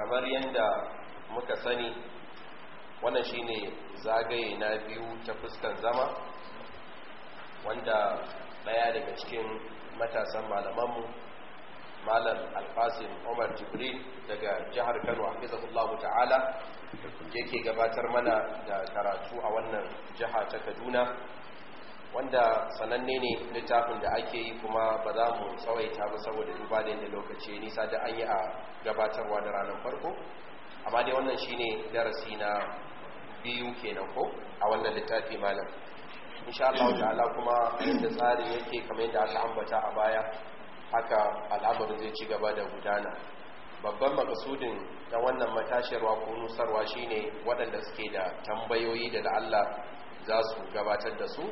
kamar yadda muka sani wannan shine zagaye na biyu ta fuskan zama wanda daya daga cikin matasan malamanmu malam alfasin omar jibril daga jihar kano hafizahullahu ta'ala yake gabatar mana da karatu a wannan jiha ta kaduna wanda sananne ne littafin da ake yi kuma ba za mu tsawaita ba saboda duba da yadda lokaci nisa da an yi a gabatarwa da ranar farko amma dai wannan shi ne darasi na biyu kenan ko a wannan littafi malam sha Allah ta'ala kuma inda tsarin yake kamar yadda aka ambata a baya haka al'amarin zai ci gaba da gudana babban makasudin na wannan matashiyarwa ko nusarwa shine waɗanda suke da tambayoyi da Allah za su gabatar da su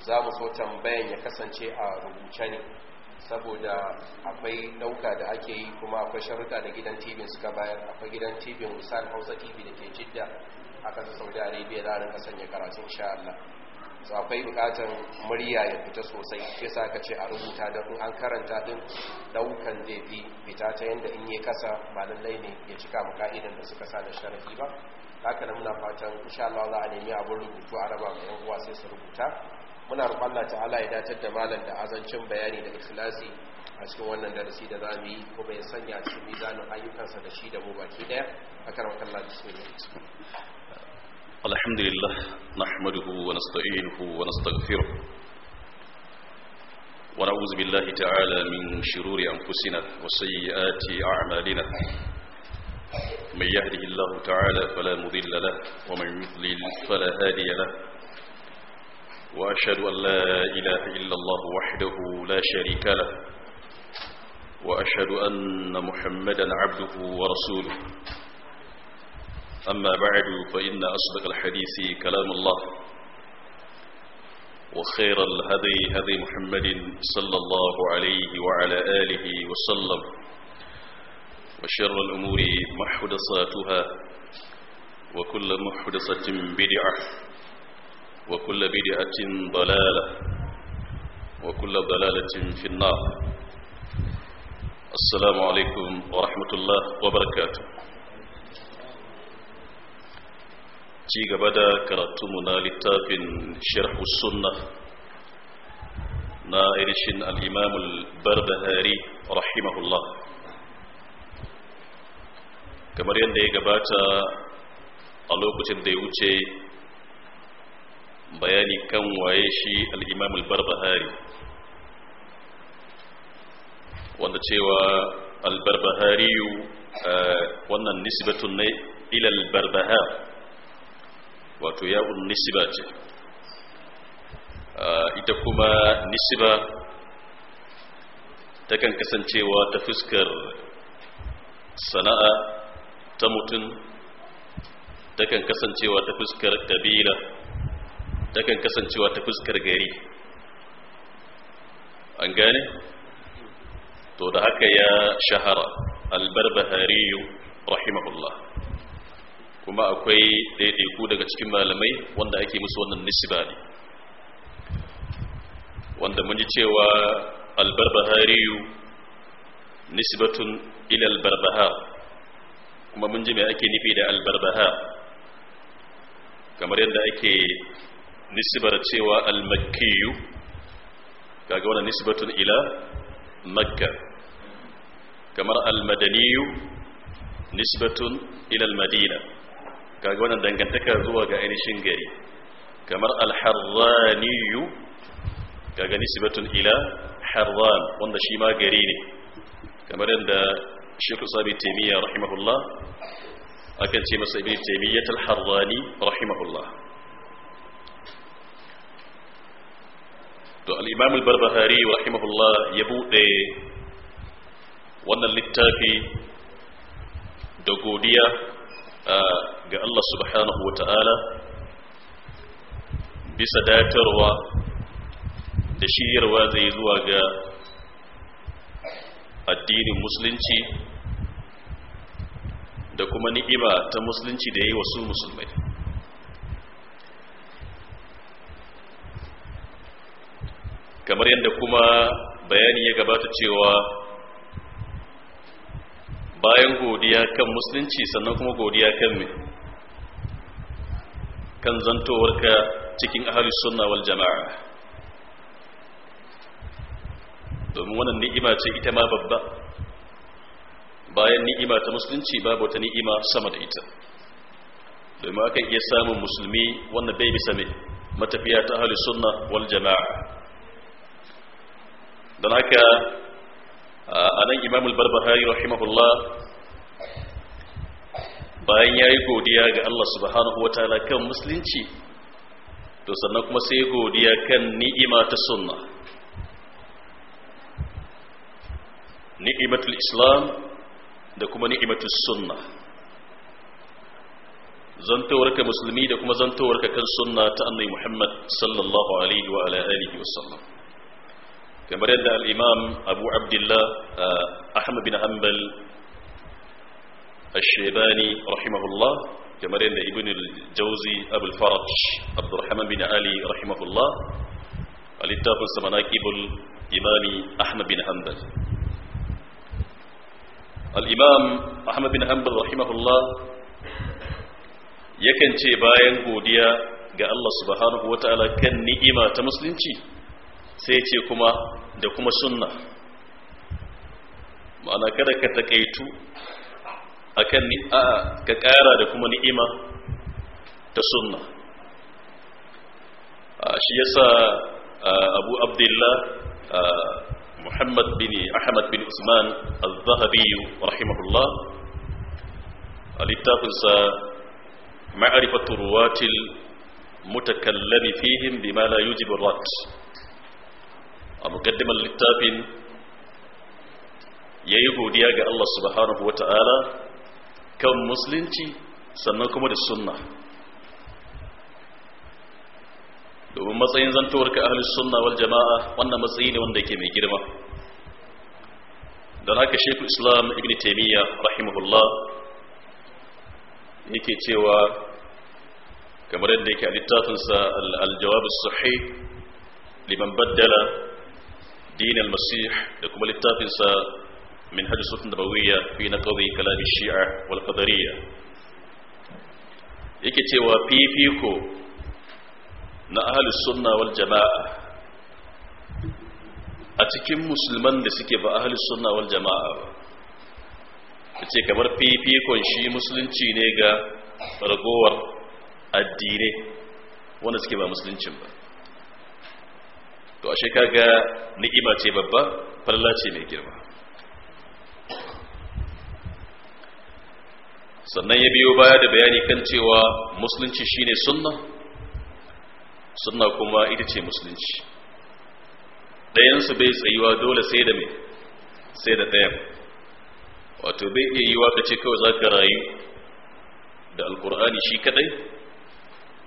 za mu so tambayan ya kasance a rubuce ne saboda akwai dauka da ake yi kuma akwai sharuɗa da gidan tv suka bayar akwai gidan tv musan hausa tv da ke jidda a ƙasar saudi arabia za a rinka sanya karatu insha allah so akwai bukatar murya ya fita sosai ke sa ka ce a rubuta da an karanta din daukan zai fi fita ta yadda in yi kasa ba lallai ne ya cika mu ka'idan da suka sa da sharafi ba haka nan muna fatan insha allah za a nemi abin rubutu a raba mai yan uwa sai su rubuta muna roƙon Allah ta'ala ya datar da malam da azancin bayani da ikhlasi a cikin wannan darasi da zamu yi kuma ya sanya cikin mizanin ayyukansa da shi da mu baki daya akan wakan Allah bismillah alhamdulillah nahmaduhu wa nasta'inuhu wa nastaghfiruh wa na'udhu billahi ta'ala min shururi anfusina wa sayyiati a'malina من يهده الله تعالى فلا مضل له ومن يضلل فلا هادي له وأشهد أن لا إله إلا الله وحده لا شريك له وأشهد أن محمدا عبده ورسوله أما بعد فإن أصدق الحديث كلام الله وخير الهدي هدي محمد صلى الله عليه وعلى آله وسلم وشر الأمور محدثاتها وكل محدثة بدعة وكل بدعة ضلالة وكل ضلالة في النار السلام عليكم ورحمة الله وبركاته ci gaba da karatunmu na littafin sharhu sunna na irishin al'imamul barbahari rahimahullah kamar yadda ya gabata a lokacin da ya wuce bayani kan waye shi al-imam al-barbahari wanda cewa al-barbahariyu eh, wannan nisbatun ne ilal al-barbahar wato ya'un nisba ce eh, ita kuma nisba takan kasancewa ta fuskar sana'a ta mutum takan kasancewa ta fuskar kabila takan kasancewa ta fuskar gari an gane to da haka ya shahara albarbahariyu rahimahullah kuma akwai ɗaiɗaiku daga cikin malamai wanda ake musu wannan nisba ne wanda mun ji cewa albarbahariyu nisbatun ila albarbahar kuma mun ji mai ake nufi da albarbaha kamar yadda ake nisbar cewa al-makkiyu kaga wannan nisbatun ila makka kamar al-madaniyu nisbatun ila al-madina kaga wannan dangantaka zuwa ga ainihin gari kamar al-harraniyu kaga nisbatun ila harran wanda shi ma gari ne kamar yadda Sheikh Sabi taimiyya rahimahullah akan ce masa ibi taimiyyatul harrani rahimahullah to alimamul imam wa rahimahullah ya buɗe wannan littafi da godiya ga Allah subhanahu wa ta'ala bisa datarwa da shiryarwa zai zuwa ga addinin musulunci da kuma ni'ima ta musulunci da ya yi wasu musulmai kamar yadda kuma bayani ya gabata cewa bayan godiya kan musulunci sannan kuma godiya kan me kan zantowarka cikin ahalus sunna wal jama'a domin wannan ni'ima ce ita ma babba bayan ni'ima ta musulunci babu wata ni'ima sama da ita domin aka iya samun musulmi wanda bai bisa mai matafiya ta ahalus sunna wal jama'a don haka a nan imam al-barbahari rahimahullah bayan ya yi godiya ga Allah subhanahu wa ta'ala kan musulunci to sannan kuma sai godiya kan ni'ima ta sunna ni'imatul islam da kuma ni'imatul sunna zantowarka musulmi da kuma zantowarka kan sunna ta annabi muhammad sallallahu alaihi wa alihi wasallam kamar الإمام أبو عبد الله آه، أحمد بن أمبل الشيباني رحمه الله كما رأينا ابن الجوزي أبو الفرج عبد الرحمن بن علي رحمه الله الاتفاق سمناكب الإمام أحمد بن حنبل الإمام أحمد بن أمبل رحمه الله يكن تباين قوديا قال الله سبحانه وتعالى كان نئمة مسلمتي sai ce kuma da kuma sunna ma'ana kada ka takaitu akan ni a ka kara da kuma ni'ima ta sunna shi yasa abu abdullah muhammad bin ahmad bin usman al-zahabi rahimahullah a littafinsa ma'arifatul ruwatil mutakallami fihim bima la yujibu rat a mukaddimar littafin ya yi godiya ga Allah subhanahu wata'ala kan musulunci sannan kuma da sunna domin matsayin zantowar ka ahalus sunna wal jama'a wannan matsayi ne wanda yake mai girma don haka shekul islam ibn taimiyya rahimahullah yake cewa kamar yadda yake a littafinsa al-jawab sahih liman baddala din al-masih da kuma littafinsa min hajji sufin da bawiyya fi na kawai kalamin shi'a wal qadariya yake cewa fifiko na ahlus sunna jama'a a cikin musulman da suke ba jama'a ba kamar fifikon shi musulunci ne ga ragowar addinai wanda suke ba musuluncin ba to ashe kaga ni'ima ce babba falla ce mai girma sannan ya biyo baya da bayani kan cewa musulunci shine sunna sunna kuma ita ce musulunci ɗayansu bai tsayuwa dole sai da mai sai da ɗayan wato bai iya yiwa ka ce kawai za ka rayu da alkur'ani shi kaɗai?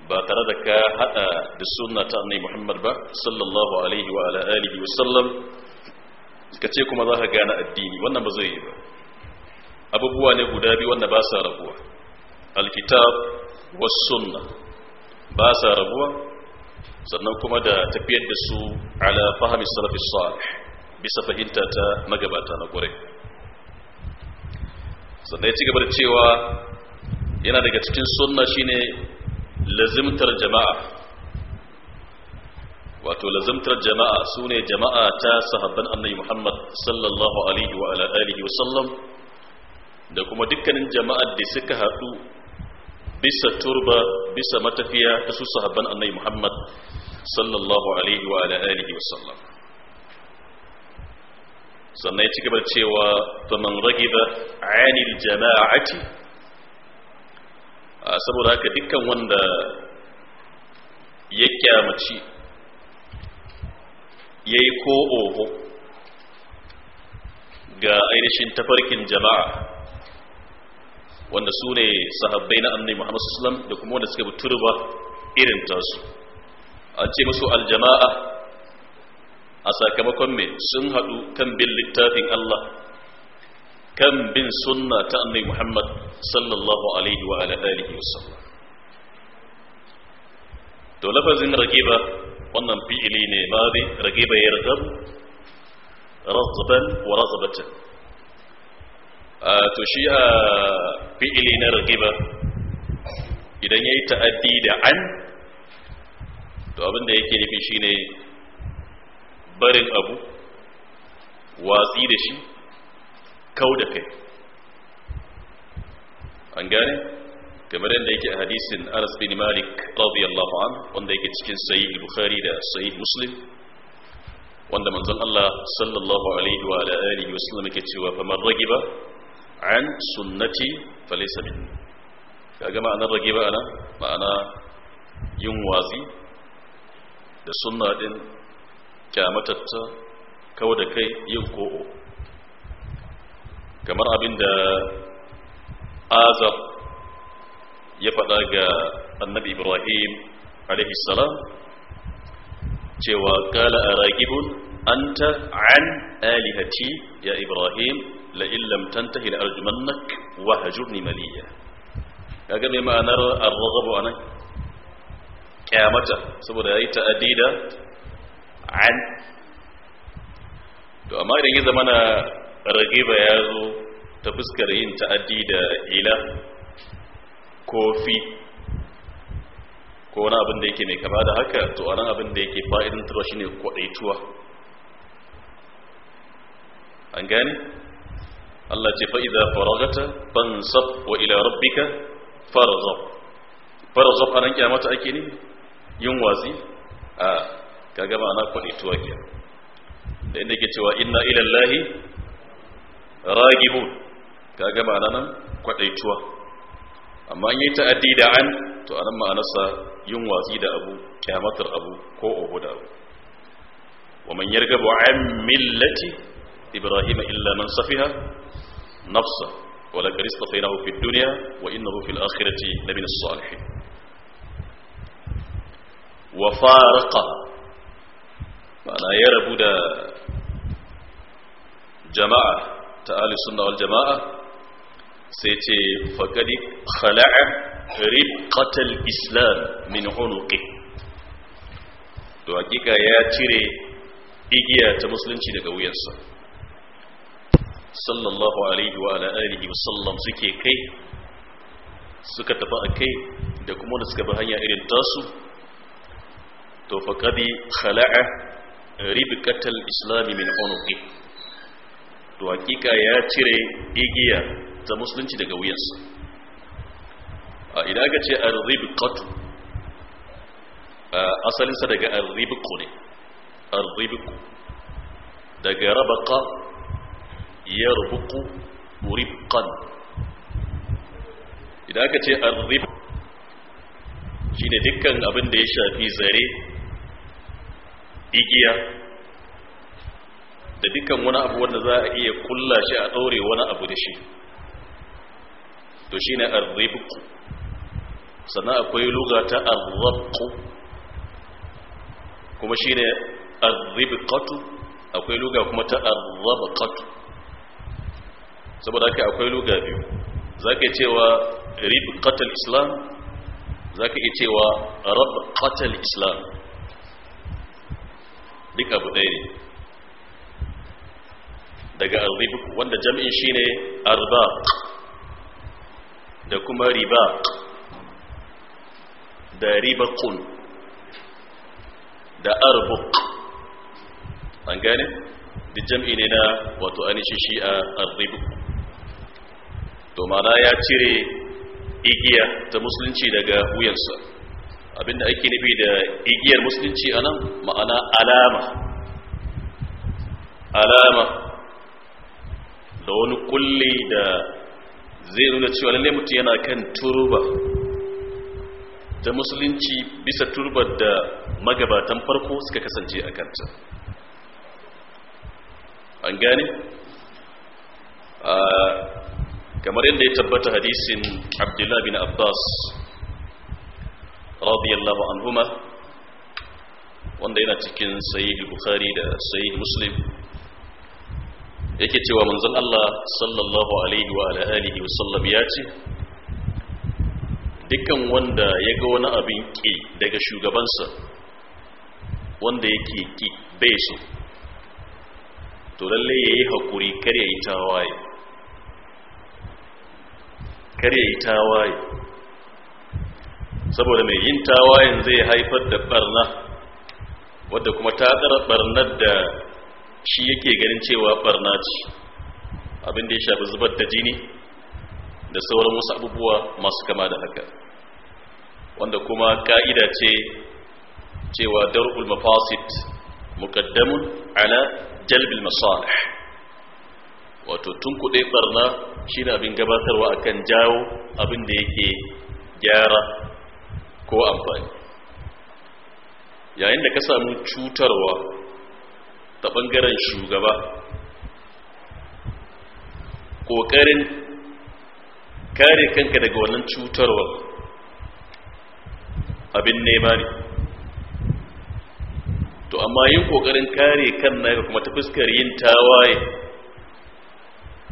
ba tare da ka hada da sunna ta annabi Muhammad ba sallallahu alaihi wa ala alihi wa sallam ka ce kuma za ka gane addini wannan ba zai yi ba abubuwa ne guda biyu wanda ba sa rabuwa alkitab was sunna ba sa rabuwa sannan kuma da tafiyar da su ala fahmi salafi salih bisa fahimta ta magabata na kure sannan ya ci gaba da cewa yana daga cikin sunna shine lazimtar jama'a wato lazimtar jama'a su ne jama'a ta sahabban annabi muhammad sallallahu alaihi wa alaihi wa sallam da kuma dukkanin jama'ar da suka haɗu bisa turba bisa matafiya ta su sahabban annabi muhammad sallallahu alaihi wa alihi wa sallam sannan ya ci gaba cewa faman ragiba anil jama'ati saboda haka dukkan wanda ya kyamaci ya yi ko oho ga ainihin tafarkin jama'a wanda su ne sahabbai na annai Muhammadu sallallahu da kuma wanda suka bi turba irin tasu an ce musu aljama'a a sakamakon me sun haɗu kan bin littafin Allah kan bin sunna ta annabi Muhammad sallallahu alaihi wa ala alihi wasallam to lafazin ragiba wannan fi'ili ne madi ragiba ya ragab razban wa razbatan to shi a fi'ili na ragiba idan yayi ta'addi da an to abinda yake nufi shine barin abu watsi da shi kau da kai an gane kamar yadda yake a hadisin anas bin malik radiyallahu an wanda yake cikin sahih bukhari da sahih muslim wanda manzon Allah sallallahu alaihi wa alihi wa sallam yake cewa fa man ragiba an sunnati falaysa min kaga ma'anar ragiba ana ma'ana yin wazi da sunna din kyamatatta kawo da kai yin ko'o kamar abinda azar ya faɗa ga annabi ibrahim alaihissalam cewa kala a ragibun an ta an alihati ya ibrahim la'in tantahi da arjumannak wa hajjurni maliya kaga mai ma'anar arzabu a nan kyamata saboda ya yi ta'adi da an to amma idan ya zama na ragiba ya zo ta fuskar yin ta'addi da ila ko fi ko wani abin da yake mai kama da haka to nan abin da yake fa'idin turwa shi ne kwaɗaituwa an gani Allah ce fa'iza faragata ban sab wa ila rabbika farazab farazab a nan kyamata ake ne yin wazi a kaga ana kwaɗaituwa ke da inda ke cewa inna ilallahi ragibun kaga ma'ana nan kwadaituwa amma in yi ta'addi da an to anan ma'anarsa yin watsi da abu kyamatar abu ko obo da abu wa man yargabu an millati ibrahima illa man safiha nafsa wa laqad istafaynahu fid dunya wa innahu fil akhirati lamin salihin wa faraqa ma'ana ya rabu da jama'a ta Ali sunna wal jama'a sai ce faqad khala'a riqatal islam min unuqi to hakika ya cire igiya ta musulunci daga wuyansa sallallahu alaihi wa ala wa sallam suke kai suka tafi a kai da kuma da suka bi hanya irin tasu to faqad khala'a ribqatal islam min unuqi to hakika ya cire igiya ta musulunci daga A idan aka ce Asalin asalinsa daga arribqu ne arribqu daga rabaqa yarbuqu ribqan idan aka ce arrib shine dukkan abin da ya shafi zare igiya da dukkan wani abu wanda za a iya kulla shi a daure wani abu da shi to shine arribku sannan akwai luga ta arrabku kuma shine arribqatu akwai luga kuma ta arrabqatu saboda kai akwai luga biyu zaka cewa ribqatul islam zaka iya cewa rabqatul islam duk abu ɗaya ne daga arribku wanda jami'in shine arba da kuma riba da ribaqun da arbuq an gane duk jami'i ne na wato anishi shi a arribku to mana ya cire igiya ta musulunci daga wuyansa abinda ake nufi da igiyar musulunci anan ma'ana alama alama da wani kulle da zai nuna cewa lalle mutum yana kan turba da musulunci bisa turbar da magabatan farko suka kasance a kanta an gane kamar yadda ya tabbata hadisin abdullahi bin abbas radiyallahu anhuma wanda yana cikin sayi bukhari da sayi muslim yake cewa manzon Allah sallallahu alaihi wa alihi wa sallam ya ce dukkan wanda ya ga wani abin ki daga shugabansa wanda yake ki bai so to lalle yayi hakuri kar yi tawaye kar yi tawaye saboda mai yin tawayen zai haifar da barna wadda kuma ta tsara barnar da shi yake ganin cewa barna ce abin da ya shafi zubar da jini da sauran wasu abubuwa masu kama da haka wanda kuma ka'ida ce cewa darul mafasid muqaddamun ala jalbil masalih wato tun tunkuɗe barna shine abin gabatarwa akan jawo abin da yake gyara ko amfani yayin da ka samu cutarwa ta bangaren shugaba ƙoƙarin kare kanka daga wannan cutarwar abin nema ne to amma yin ƙoƙarin kare kan na naka kuma ta fuskar yin tawaye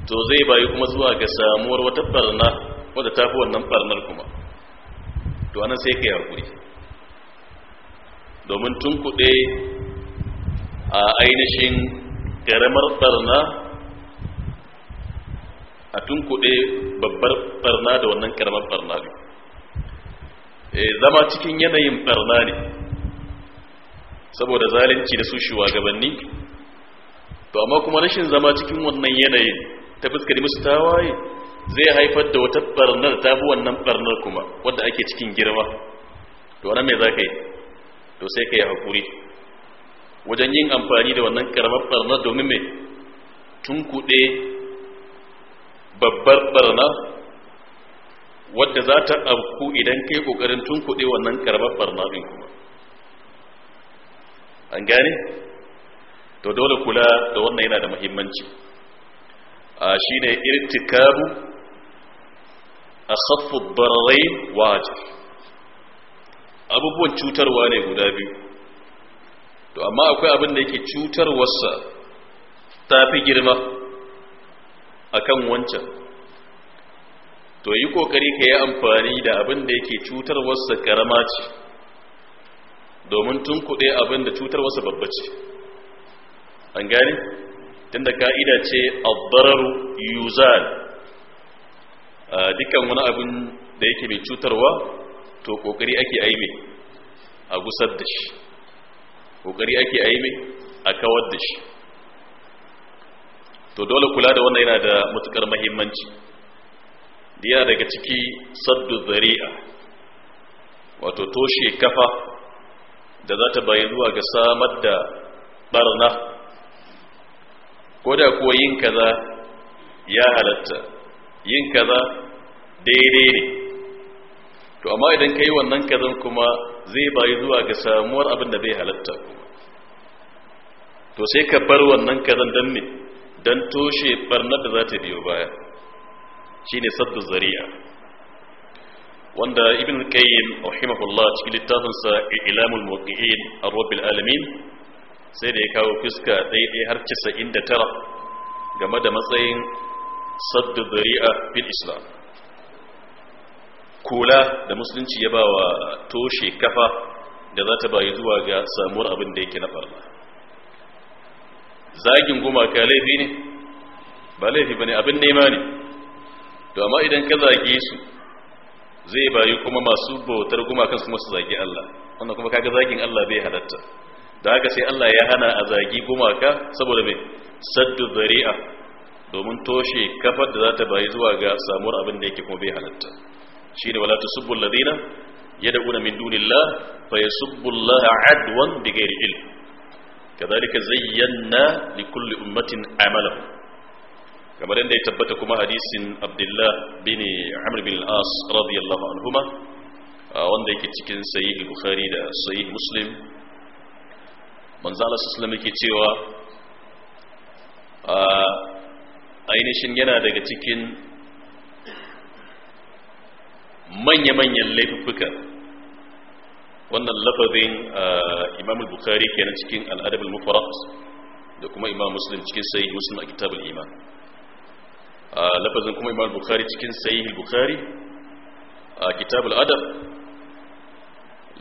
to zai bayi kuma zuwa ga samuwar wata barna wadda ta fi wannan barnar kuma to anan sai ka yi haƙuri domin tun kuɗe a ainihin ƙaramar barna a tunkuɗe babbar barna da wannan ƙaramar barna ne eh, zama cikin yanayin barna ne saboda zalunci da su shugabanni to amma kuma rashin zama cikin wannan yanayin ta fuskari musu tawaye zai haifar da wata barnar ta fi wannan barnar kuma wadda ake cikin girma to wannan mai za ka yi to sai ka yi haƙuri wajen yin amfani da wannan karamar barna domin mai tunkuɗe babbar barna wadda za ta abku idan kai ƙoƙarin tunkuɗe wannan karamar barna ɗin kuma an gane to dole kula da wannan yana da muhimmanci a shi ne irtikabu a saffin barai wajib abubuwan cutarwa ne guda biyu to amma akwai abin da yake cutarwarsa ta fi girma akan wancan to yi kokari ka yi amfani da abin da yake cutarwarsa karama ce domin tun kuɗe abin da cutarwarsa babba ce an gani tunda ka'ida ce abbararu yuzal dukkan wani abin da yake mai cutarwa to kokari ake aime a gusar da shi kokari ake a yi mai a kawar da shi to dole kula da wannan yana da matukar mahimmanci yana daga ciki saddu zari'a wato toshe kafa da za ta bayi zuwa ga samar da barna ko da kuwa yin kaza ya halatta yin kaza daidai ne to amma idan ka yi wannan kazan kuma zai bayi zuwa ga samuwar abin da bai halatta to sai ka bar wannan kazan don me don toshe barnar da za ta biyo baya shine saddu zari'a wanda ibn qayyim rahimahullah cikin littafin sa ilamul muqiin rabbil alamin sai da ya kawo fuska daidai har 99 game da matsayin saddu zari'a fil islam kula da musulunci ya ba wa toshe kafa da za ta bayi zuwa ga samuwar abin da yake na farla zagin gumaka laifi ne ba laifi ba ne abin nema ne to amma idan ka zage su zai bayi kuma masu bautar gumakan su masu zagi Allah wannan kuma kaga zagin Allah bai halatta da haka sai Allah ya hana a zagi gumaka saboda mai saddu zari'a domin toshe kafar da za ta bayi zuwa ga samuwar abin da yake kuma bai halatta shine wala tusubbu alladhina yad'una min dunillah fa yasubbu allaha adwan bighairi ilm kadhalika zayyana likulli ummatin amalahum kamar yadda ya tabbata kuma hadisin abdullah bin amr bin al-as radiyallahu anhuma wanda yake cikin sahih bukhari da sahih muslim manzo Allah sallallahu yake cewa ainihin yana daga cikin manya-manyan laifuka wannan lafazin ah, imam bukhari kenan cikin al'adab al-mufarad da kuma imam muslim cikin sahih muslim a kitab al-iman ah, lafazin kuma imam bukhari cikin sahih bukhari a kitab al-adab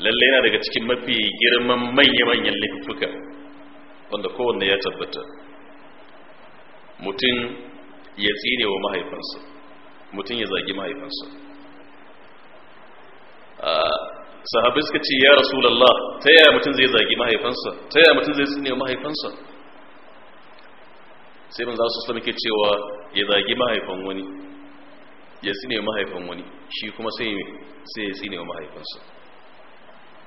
lalle yana daga cikin mafi girman manya-manyan laifuka wanda kowanne ya tabbata mutum ya tsine wa mahaifansa mutum ya zagi mahaifansa Ah, sahabi suka ce ya rasulallah ta yaya mutum zai zagi mahaifansa ta yaya mutum zai tsine mahaifansa sai manzo su sami ke cewa ya zagi mahaifan wani ya tsine mahaifan wani shi kuma sai sai ya tsine mahaifansa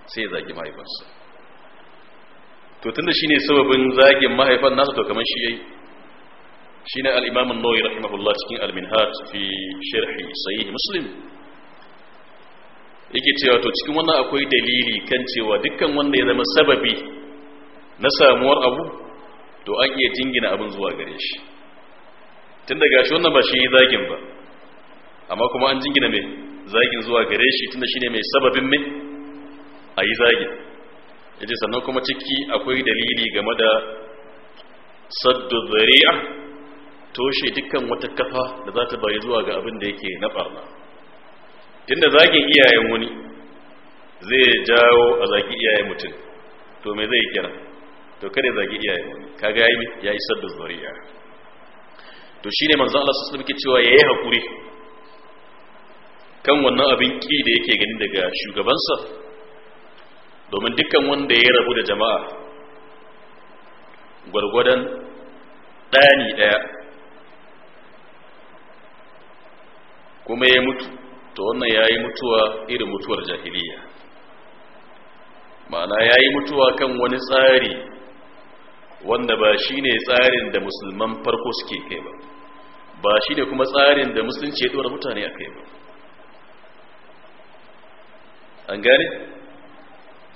sai ya zagi mahaifansa to tunda ne sababin zagin mahaifan nasa to kamar shi ya yi shi ne an-nawawi rahimahullah cikin alminhat fi sharhi sahih muslim yake cewa to cikin wannan akwai dalili kan cewa dukkan wanda ya zama sababi na samuwar abu to an iya jingina abin zuwa gare shi tun daga shi wannan ba shi yi zagin ba amma kuma an jingina mai zagin zuwa gare shi tun da shi ne mai sababin mai a yi zagin yace sannan kuma ciki akwai dalili game da saddu zari'a toshe dukkan wata kafa da za ta bayi zuwa ga abin da yake na barna tunda zagin iyayen wani zai jawo a zagi iyayen mutum to me zai kira to kada zagi iyayen wani kaga yayi ya isar da zuriya to shine manzo Allah sallallahu alaihi cewa yayi hakuri kan wannan abin ki da yake gani daga shugabansa domin dukkan wanda ya rabu da jama'a gwargwadon ɗani ɗaya kuma ya mutu to wannan ya yi mutuwa irin mutuwar jahiliya ma'ana ya yi mutuwa kan wani tsari wanda ba shi ne tsarin da musulman farko suke kai ba ba shi ne kuma tsarin da musulunci ya ɗora mutane a kai ba an gane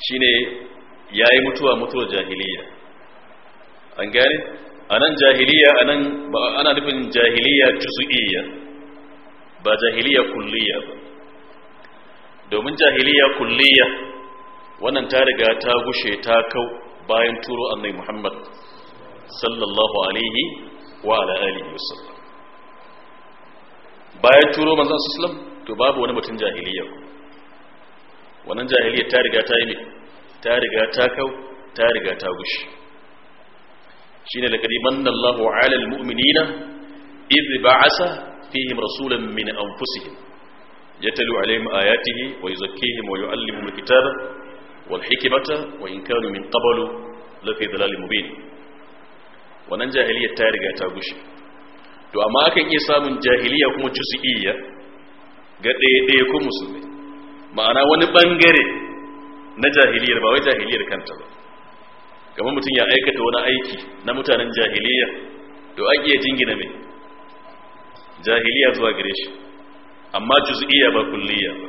shi ne ya yi mutuwa mutuwar jahiliya an gane a nan jahiliya a nan ana nufin jahiliya iya. ba jahiliya kulliya ba domin jahiliya kulliya wannan ta riga ta gushe ta kau bayan turo annai muhammad sallallahu alaihi wa alaali yusuf bayan turo manzon sallam to babu wani mutum jahiliya wannan jahiliya ta riga ta yi ta riga ta kau ta riga ta gushe shine laqad manna Allahu 'ala al-mu'minina idh ba'asa فيهم rasulan من أنفسهم يتلو عليهم آياته ويزكيهم yuzakkihim الكتاب والحكمة وإن كانوا من قبل لفي مبين wannan ta riga ta gushe to amma akan iya samun jahiliya kuma ga ɗaya ko musulmi ma'ana wani bangare na jahiliyar ba wai jahiliyar kanta ba kamar mutum ya aikata wani aiki na mutanen jahiliya to ake iya jingina mai jahiliya zuwa gare shi amma juz'iyya ba kulliyya ba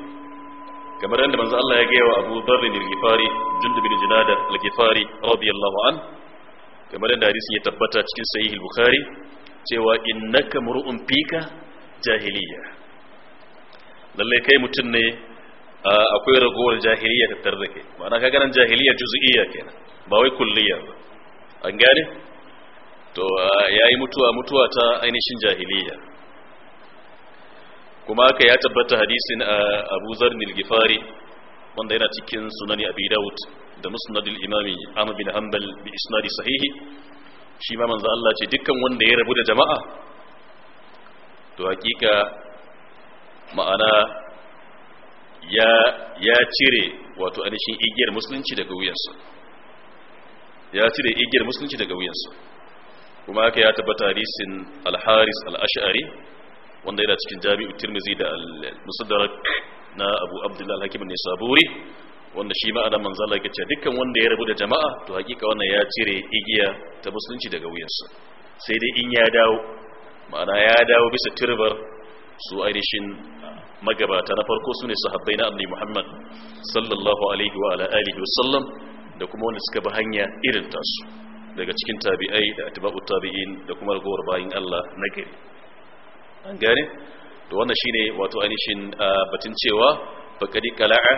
kamar yadda manzo Allah ya gaya wa Abu Dharr bin Ghifari Jundub bin Junada al-Ghifari radiyallahu an kamar yadda hadisi ya tabbata cikin sahih al-Bukhari cewa innaka mur'un fika jahiliya lalle kai mutun ne akwai ragowar jahiliya ta tarzake ma'ana ka nan jahiliya juz'iyya kenan ba wai kulliyya ba an gane to yayi mutuwa mutuwa ta ainihin jahiliya kuma aka ya tabbata hadisin a abu zarnil gifari wanda yana cikin sunani abi daud da musnadul imami ahmad bin hanbal bi isnadi sahihi shi ma manzo Allah ce dukkan wanda ya rabu da jama'a to hakika ma'ana ya ya cire wato anishin igiyar musulunci daga wuyansa ya cire igiyar musulunci daga wuyansa kuma aka ya tabbata hadisin al-haris al-ash'ari wanda yana cikin jami'u tirmizi da al na abu abdullahi al-hakim ne saburi wanda shi ma'ana manzala ke ce dukkan wanda ya rabu da jama'a to hakika wannan ya cire igiya ta musulunci daga wuyansa sai dai in ya dawo ma'ana ya dawo bisa turbar su ainihin magabata na farko su ne sahabbai na annabi muhammad sallallahu alaihi wa ala alihi wa sallam da kuma wanda suka bi hanya irin tasu daga cikin tabi'ai da atiba'u tabi'in da kuma ragowar bayin Allah na gari an gane to wannan shine wato ainihin batun cewa faqadi qala'a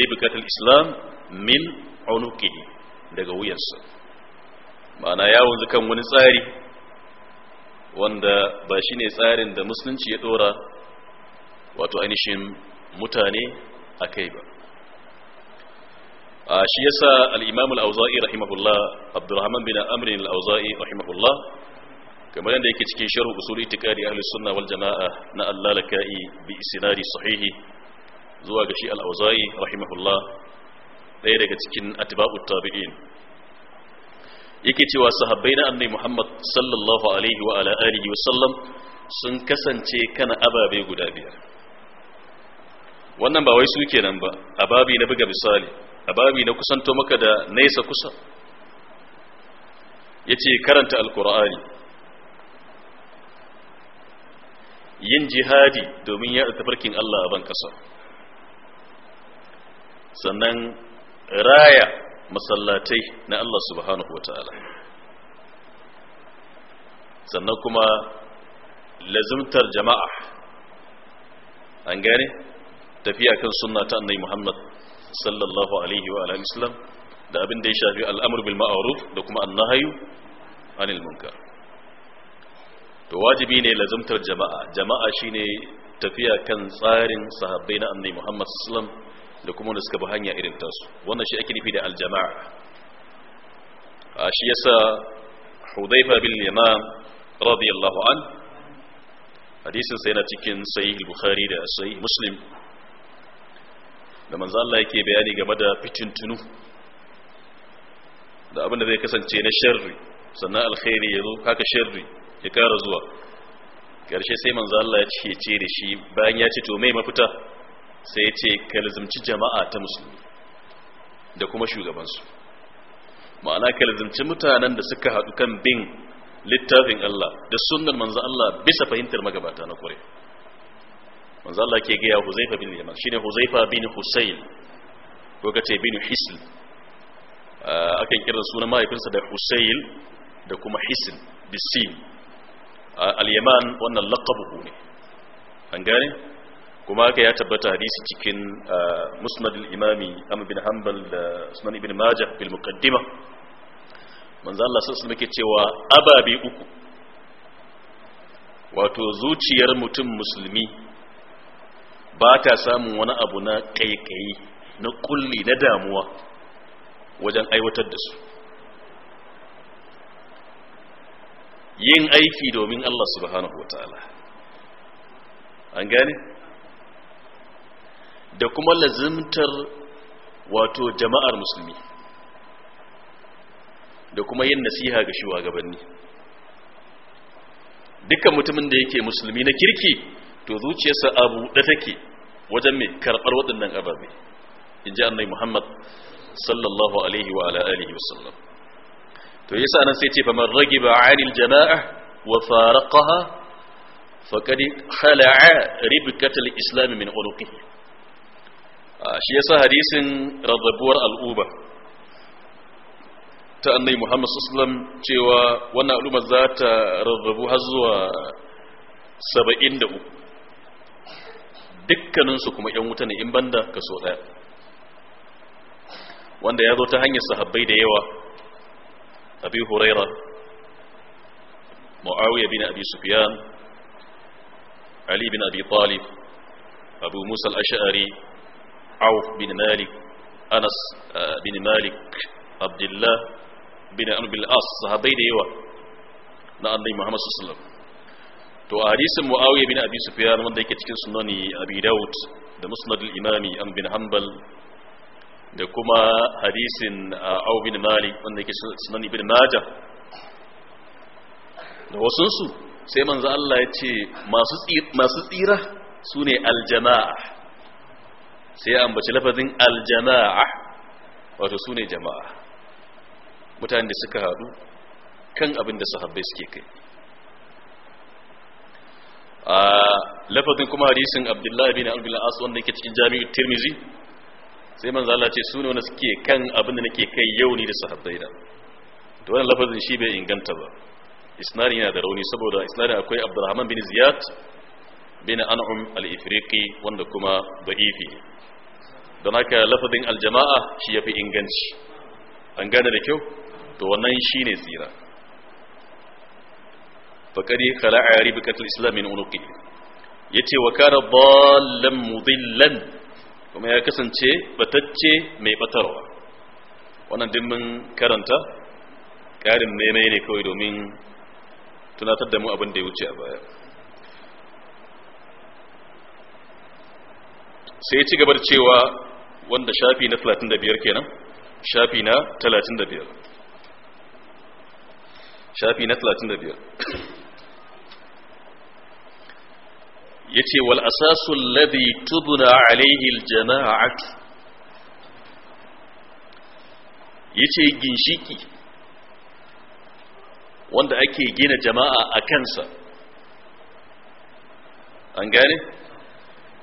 ribqatul islam min unuqihi daga wuyansa ma'ana ya wanzu kan wani tsari wanda ba shine tsarin da musulunci ya dora wato ainihin mutane akai ba shi yasa al-imam al-auza'i rahimahullah abdurrahman bin amr al-auza'i rahimahullah kamar yadda yake cikin sharh usul itiqadi ahli sunna wal jamaa na al-lalaka'i bi isnadi sahihi zuwa ga shi al-auza'i rahimahullah daya daga cikin atba'u tabi'in yake cewa sahabbai na annabi Muhammad sallallahu alaihi wa ala alihi wa sallam sun kasance kana ababe guda biyar wannan ba wai su kenan ba ababi na buga misali ababi na kusanto maka da nesa kusa yace karanta Al-Qur'ani. yin jihadi domin ya tafarkin Allah a ban kasa sannan raya masallatai na Allah subhanahu wataala sannan kuma lazimtar jama'a an gane tafiya kan sunna ta annabi Muhammad sallallahu alaihi wa alihi da abin da ya shafi al'amur bil ma'aruf da kuma nahayu anil munkar to wajibi ne lazumtar jama'a jama'a shine tafiya kan tsarin sahabbai na annabi Muhammad Sallam da kuma wanda suka bi hanya irin tasu wannan shi ake nufi da aljama'a a shi yasa Hudhaifa bin Yaman radiyallahu an hadisin sa yana cikin sahih Bukhari da sahih Muslim da manzo Allah yake bayani game da fitintunu da abin da zai kasance na sharri sannan alkhairi yazo haka sharri ya kara zuwa ƙarshe sai manzo Allah ya ce ce da shi bayan ya ce to mai mafita sai ya ce ka lazumci jama'a ta musulmi da kuma shugabansu ma'ana ka lazumci mutanen da suka haɗu kan bin littafin Allah da sunnar manzo Allah bisa fahimtar magabata na kure manzo Allah ke gaya Huzaifa bin Yaman shine Huzaifa bin Husayn ko kace bin Hisl akan kiran sunan mahaifinsa da Husayl da kuma Hisl bisin al-yaman wannan laqabu ne an gane kuma haka ya tabbata hadisi cikin musnad al-imami Ahmad bin Hanbal da Usman Ibn Majah bil muqaddima manzo Allah sallallahu alaihi cewa ababi uku wato zuciyar mutum musulmi ba ta samun wani abu na kaikayi na kulli na damuwa wajen aiwatar da su yin aiki domin Allah subhanahu wa ta'ala an gane da kuma lazimtar wato jama'ar musulmi da kuma yin nasiha ga shi shugabanni dukkan mutumin da yake musulmi na kirki to zuciyarsa abu da take wajen mai karɓar waɗannan ababe in ji annai muhammad sallallahu alaihi wa ala alihi wasallam to yasa nan sai ce fa man ragiba anil jama'a wa faraqaha faqad khala'a ribkat al-islam min uluqihi shi yasa hadisin radabuwar al'uba ta annabi Muhammad sallallahu alaihi wasallam cewa wannan al'umma za ta radabu har zuwa 73 dukkanin su kuma yan wuta ne in banda kaso daya wanda ya zo ta hanyar sahabbai da yawa أبي هريرة معاوية بن أبي سفيان علي بن أبي طالب أبو موسى الأشعري عوف بن مالك أنس آه، بن مالك عبد الله بن أنو بن الأص صحابي ديوة نأني محمد صلى الله عليه وسلم تو أحاديث معاوية بن أبي سفيان من wanda yake cikin sunani abi daud da musnad al-imami an da kuma hadisin uh, au bin malik wanda yake sunan ibn majah da wasunsu sai manzo Allah ya ce masu tsira su ne aljama'a sai an ambaci lafazin aljama'a wato su ne jama'a mutane da suka haɗu kan abin da sahabbai suke kai a uh, lafazin kuma hadisin abdullahi bin abdullahi as wanda yake cikin jami'ar tirmizi sai manzo Allah ce su ne wanda suke kan abin da nake kai yau ni da sahabbai da to wannan lafazin shi bai inganta ba isnadin yana da rauni saboda isnadin akwai Abdurrahman bin Ziyad bin An'am al-Ifriqi wanda kuma da'ifi don haka lafazin aljama'a shi yafi inganci an gane da kyau to wannan shine tsira faqadi khala'a ribatul islam min unuqi yace wa kana dallan mudillan kuma ya kasance batacce mai batarwa wannan dimmin karanta ƙarin neme ne kawai domin tunatar da mu abin da ya wuce a baya sai ci gabar cewa wanda shafi na 35 kenan shafi na 35 shafi na 35 yace wal asasu alladhi tubna alaihi aljama'atu yace ginshiki wanda ake gina jama'a a kansa an gane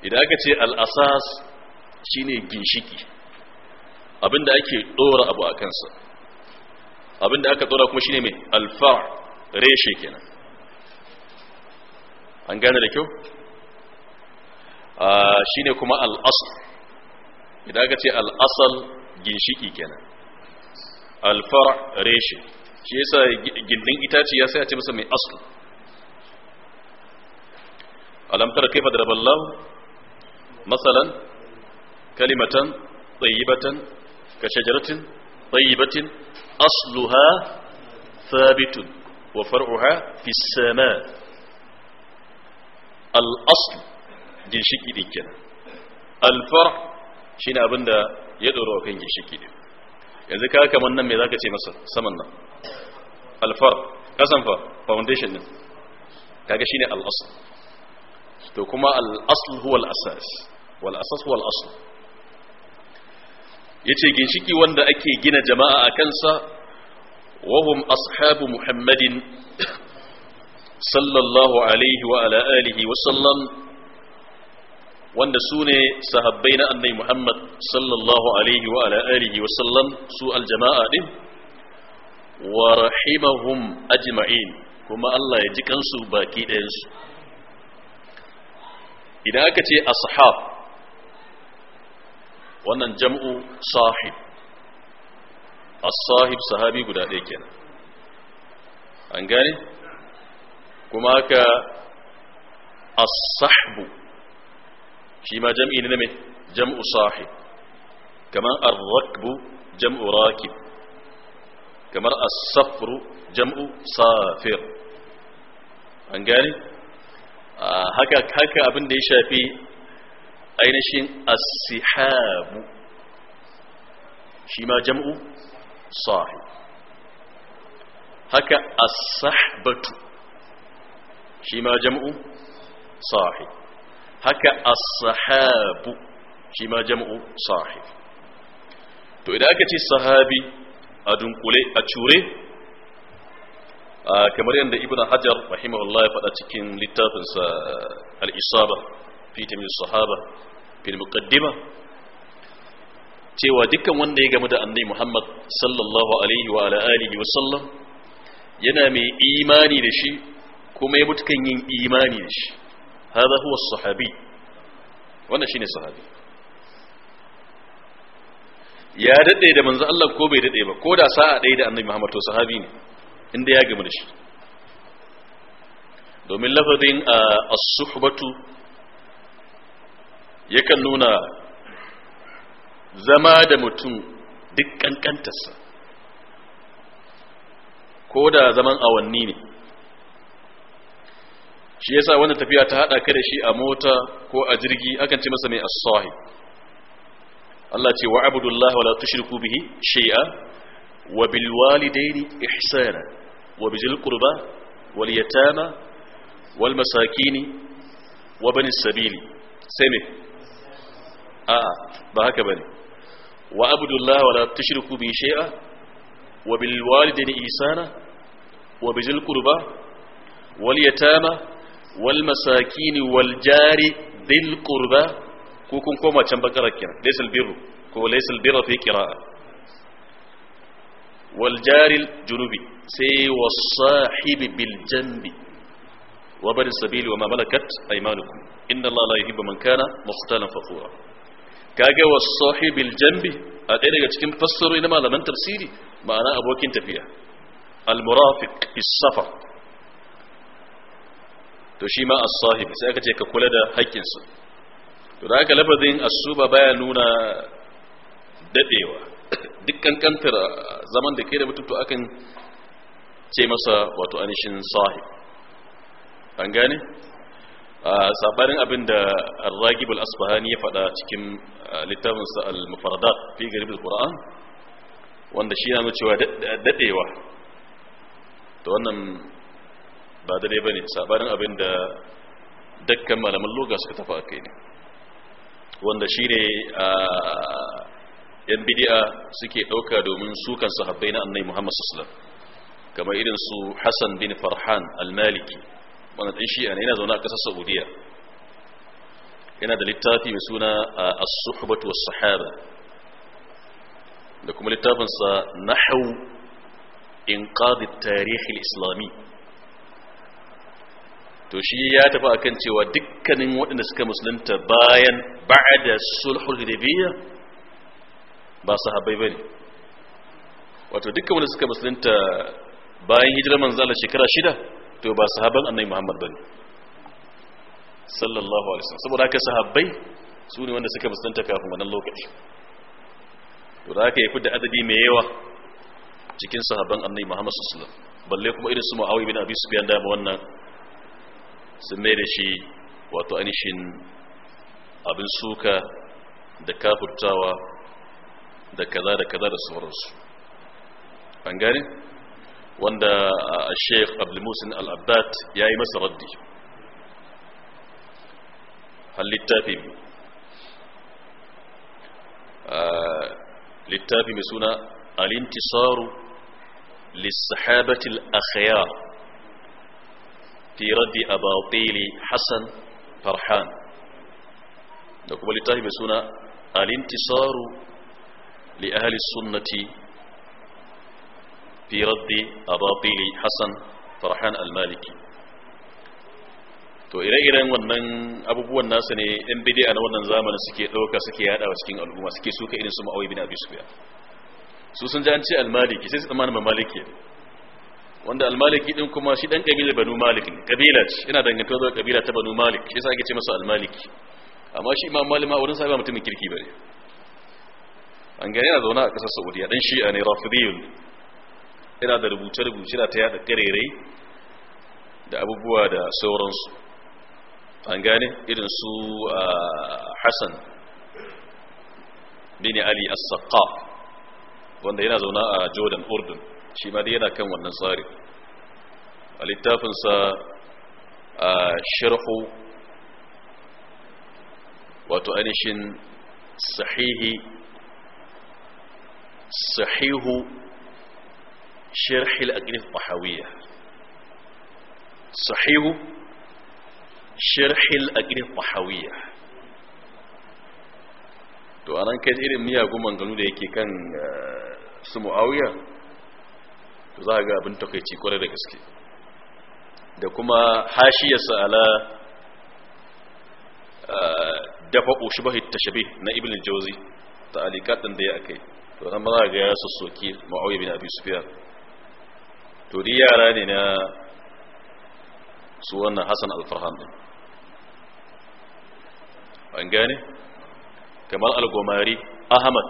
idan aka ce al'asas shine ginshiki abinda ake dora abu a kansa abinda aka dora kuma shine mai alfar reshe kenan an gane da kyau shine kuma al'asl idan ka ce al'asal ginshiki kenan alfar reshe shi yasa gindin itace ya sai a ce masa mai asl alam tara kaifa daraballahu masalan kalimatan tayyibatan ka shajaratin tayyibatin asluha thabitun wa far'uha fi as-sama al-asl ginshiki din kenan alfar shine abin da ya dora kan ginshiki din yanzu ka kaman nan me zaka ce masa saman nan alfar kasan fa foundation din kaga shine al-asl to kuma al-asl huwa al-asas wal asas huwa al-asl yace ginshiki wanda ake gina jama'a a kansa wahum ashabu muhammadin sallallahu alaihi wa ala alihi wa sallam wanda su ne sahabbai na annai muhammad sallallahu alaihi wa alihi wa sallam su aljama'a din wa rahimahum ajma'in kuma Allah ya ji kansu baki ɗayansu idan aka ce ashab wannan jam'u sahib as-sahib sahabi guda ɗaya kenan an gane kuma haka as-sahbu شي ما جمعي نمي جمع صاحب كما الركب جمع راكب كما الصفر جمع صافر ان قال آه، هكا هكا ابن ديشا في اين شين السحاب شي ما جمع صاحب هكا الصحبة شي ما جمع صاحب haka as-sahabu shi ma jam'u sahib to idan aka ce sahabi a dunkule a cure kamar yadda ibn hajar rahimahullah ya faɗa cikin littafinsa al-isaba fi tamyiz sahaba fil muqaddima cewa dukkan wanda ya gamu da annabi Muhammad sallallahu alaihi wa alihi wa sallam yana mai imani da shi kuma ya mutu kan yin imani da shi hada sahabi wannan shine sahabi ya dade da manzo Allah ko bai dade ba ko da sa'a ɗaya da annabi Muhammad to sahabi ne inda ya gama da shi domin lafazin as-suhbatu yakan nuna zama da mutum duk kankantarsa ko da zaman awanni ne shi yasa wanda tafiya ta hada ka da shi a mota ko a jirgi akan ce masa mai as-sahib Allah ce wa abudullahi wa la tushriku bihi shay'a wa bil walidayni ihsana wa bi bizil qurba wal yatama wal masakini wa bani sabili sai me a ba haka bane wa abudullahi wa la tushriku bihi shay'a wa bil walidayni ihsana wa bi bizil qurba wal yatama والمساكين والجار ذي القربى كوكم كوما كم بكرك ليس البر كو ليس البر في قراءة والجار الجنوبي سي والصاحب بالجنب وبر السبيل وما ملكت أيمانكم إن الله لا يهب من كان مختالا فخورا كاجا والصاحب الجنب أدينا كم فسر إنما لمن تفسيري معنا أبوك أنت فيها المرافق في السفر to shi ma as-sahib sai aka ce ka kula da haƙƙin su to da aka lafazin as-suba baya nuna dadewa dukkan kantar zaman da ke da mutum to akan ce masa wato anishin sahib an gane sabanin abin da al-ragib al ya faɗa cikin littafinsa al-mufaradat fi garibin qur'an wanda shi yana cewa dadewa to wannan ba dai ba ne saɓanin abin da dukkan malaman loga suka tafa kai ne wanda shi ne yan bidi'a suke ɗauka domin sukan sahabbai na annai muhammad sassalam kamar irin su hassan bin farhan al-maliki wanda ɗin shi'a ne yana zaune a ƙasar saudiya yana da littafi mai suna a suhbatu wa sahaba da kuma littafinsa nahawu inqadi at tarihi al-islami to shi ya tafi akan cewa dukkanin waɗanda suka musulunta bayan ba'da sulhul hudaybiyya ba sahabbai bane wato dukkan wanda suka musulunta bayan hijirar manzo Allah shekara shida to ba sahaban annabi Muhammad bane sallallahu alaihi wasallam saboda haka sahabbai su ne wanda suka musulunta kafin wannan lokaci to da haka ya da adadi mai yawa cikin sahabban annabi Muhammad sallallahu alaihi wasallam balle kuma irin su Muawiya bin Abi Sufyan da wannan sun mai da shi wato anishin abin suka da kafurtawa da kaza da kaza da sauransu an gane wanda a sheikh abdulmusin al'abdat ya yi masa raddi littafi littafi mai suna alintisaru lissahabatil akhiyar fi raddi abatili hassan farhan da kuma littafi mai suna alintisaru li ahli sunnati fi raddi abatili hassan farhan almaliki to ire-iren wannan abubuwan nasa ne yan bidiya na wannan zamanin suke ɗauka suke yada a cikin al'umma suke suka irin su ma'awai bin abi su sun ji an ce almaliki sai su tsammanin ba maliki wanda almaliki din kuma shi dan kabilar banu malik ne kabila ce yana dangantuwa zuwa kabila ta banu malik shi yasa ake ce masa almaliki amma shi imam malima wurin sa ba mutumin kirki bane an gane yana zauna a kasar saudiya dan shi'a ne rafidiyun yana da rubuce rubuce da ta yada karerai da abubuwa da sauransu an gane irin su hassan bin ali as-saqqaf wanda yana zauna a jordan urdun shi ma dai yana kan wannan tsari a littafinsa a sharhu wato ainihin sahihi sahihu sharhi al aqlif tahawiyya sahihu sharhi al aqlif tahawiyya to anan kai irin miyagun manganu da yake kan su muawiya to za a ga abin takaici kwarai da gaske da kuma hashiyarsa ala dafa ƙoshi ta shabe na ibn jauzi ta alikatin da ya kai. to nan maza a ga ya sassoki ma'auya bin su fiya. to di yara ne na su wannan hassan alfarham din an gane kamar algomari ahmad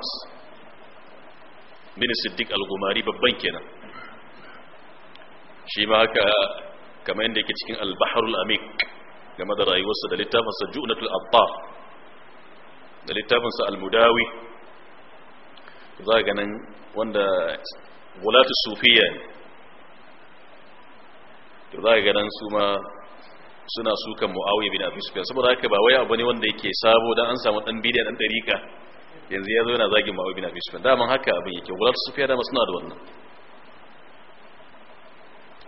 bin siddiq algomari babban kenan shi ma haka kamar yadda yake cikin albaharul amik game da rayuwarsa da littafinsa ju'natul Abba da littafinsa almudawi za ga nan wanda gulatu sufiya ne za ga nan su ma suna sukan mu'awiyya bin abi sufiya saboda haka ba wai abu ne wanda yake sabo don an samu dan bidiya dan dariƙa yanzu ya zo yana zagin mu'awiyya bin abi sufyan daman haka abin yake gulatu sufiya da suna da wannan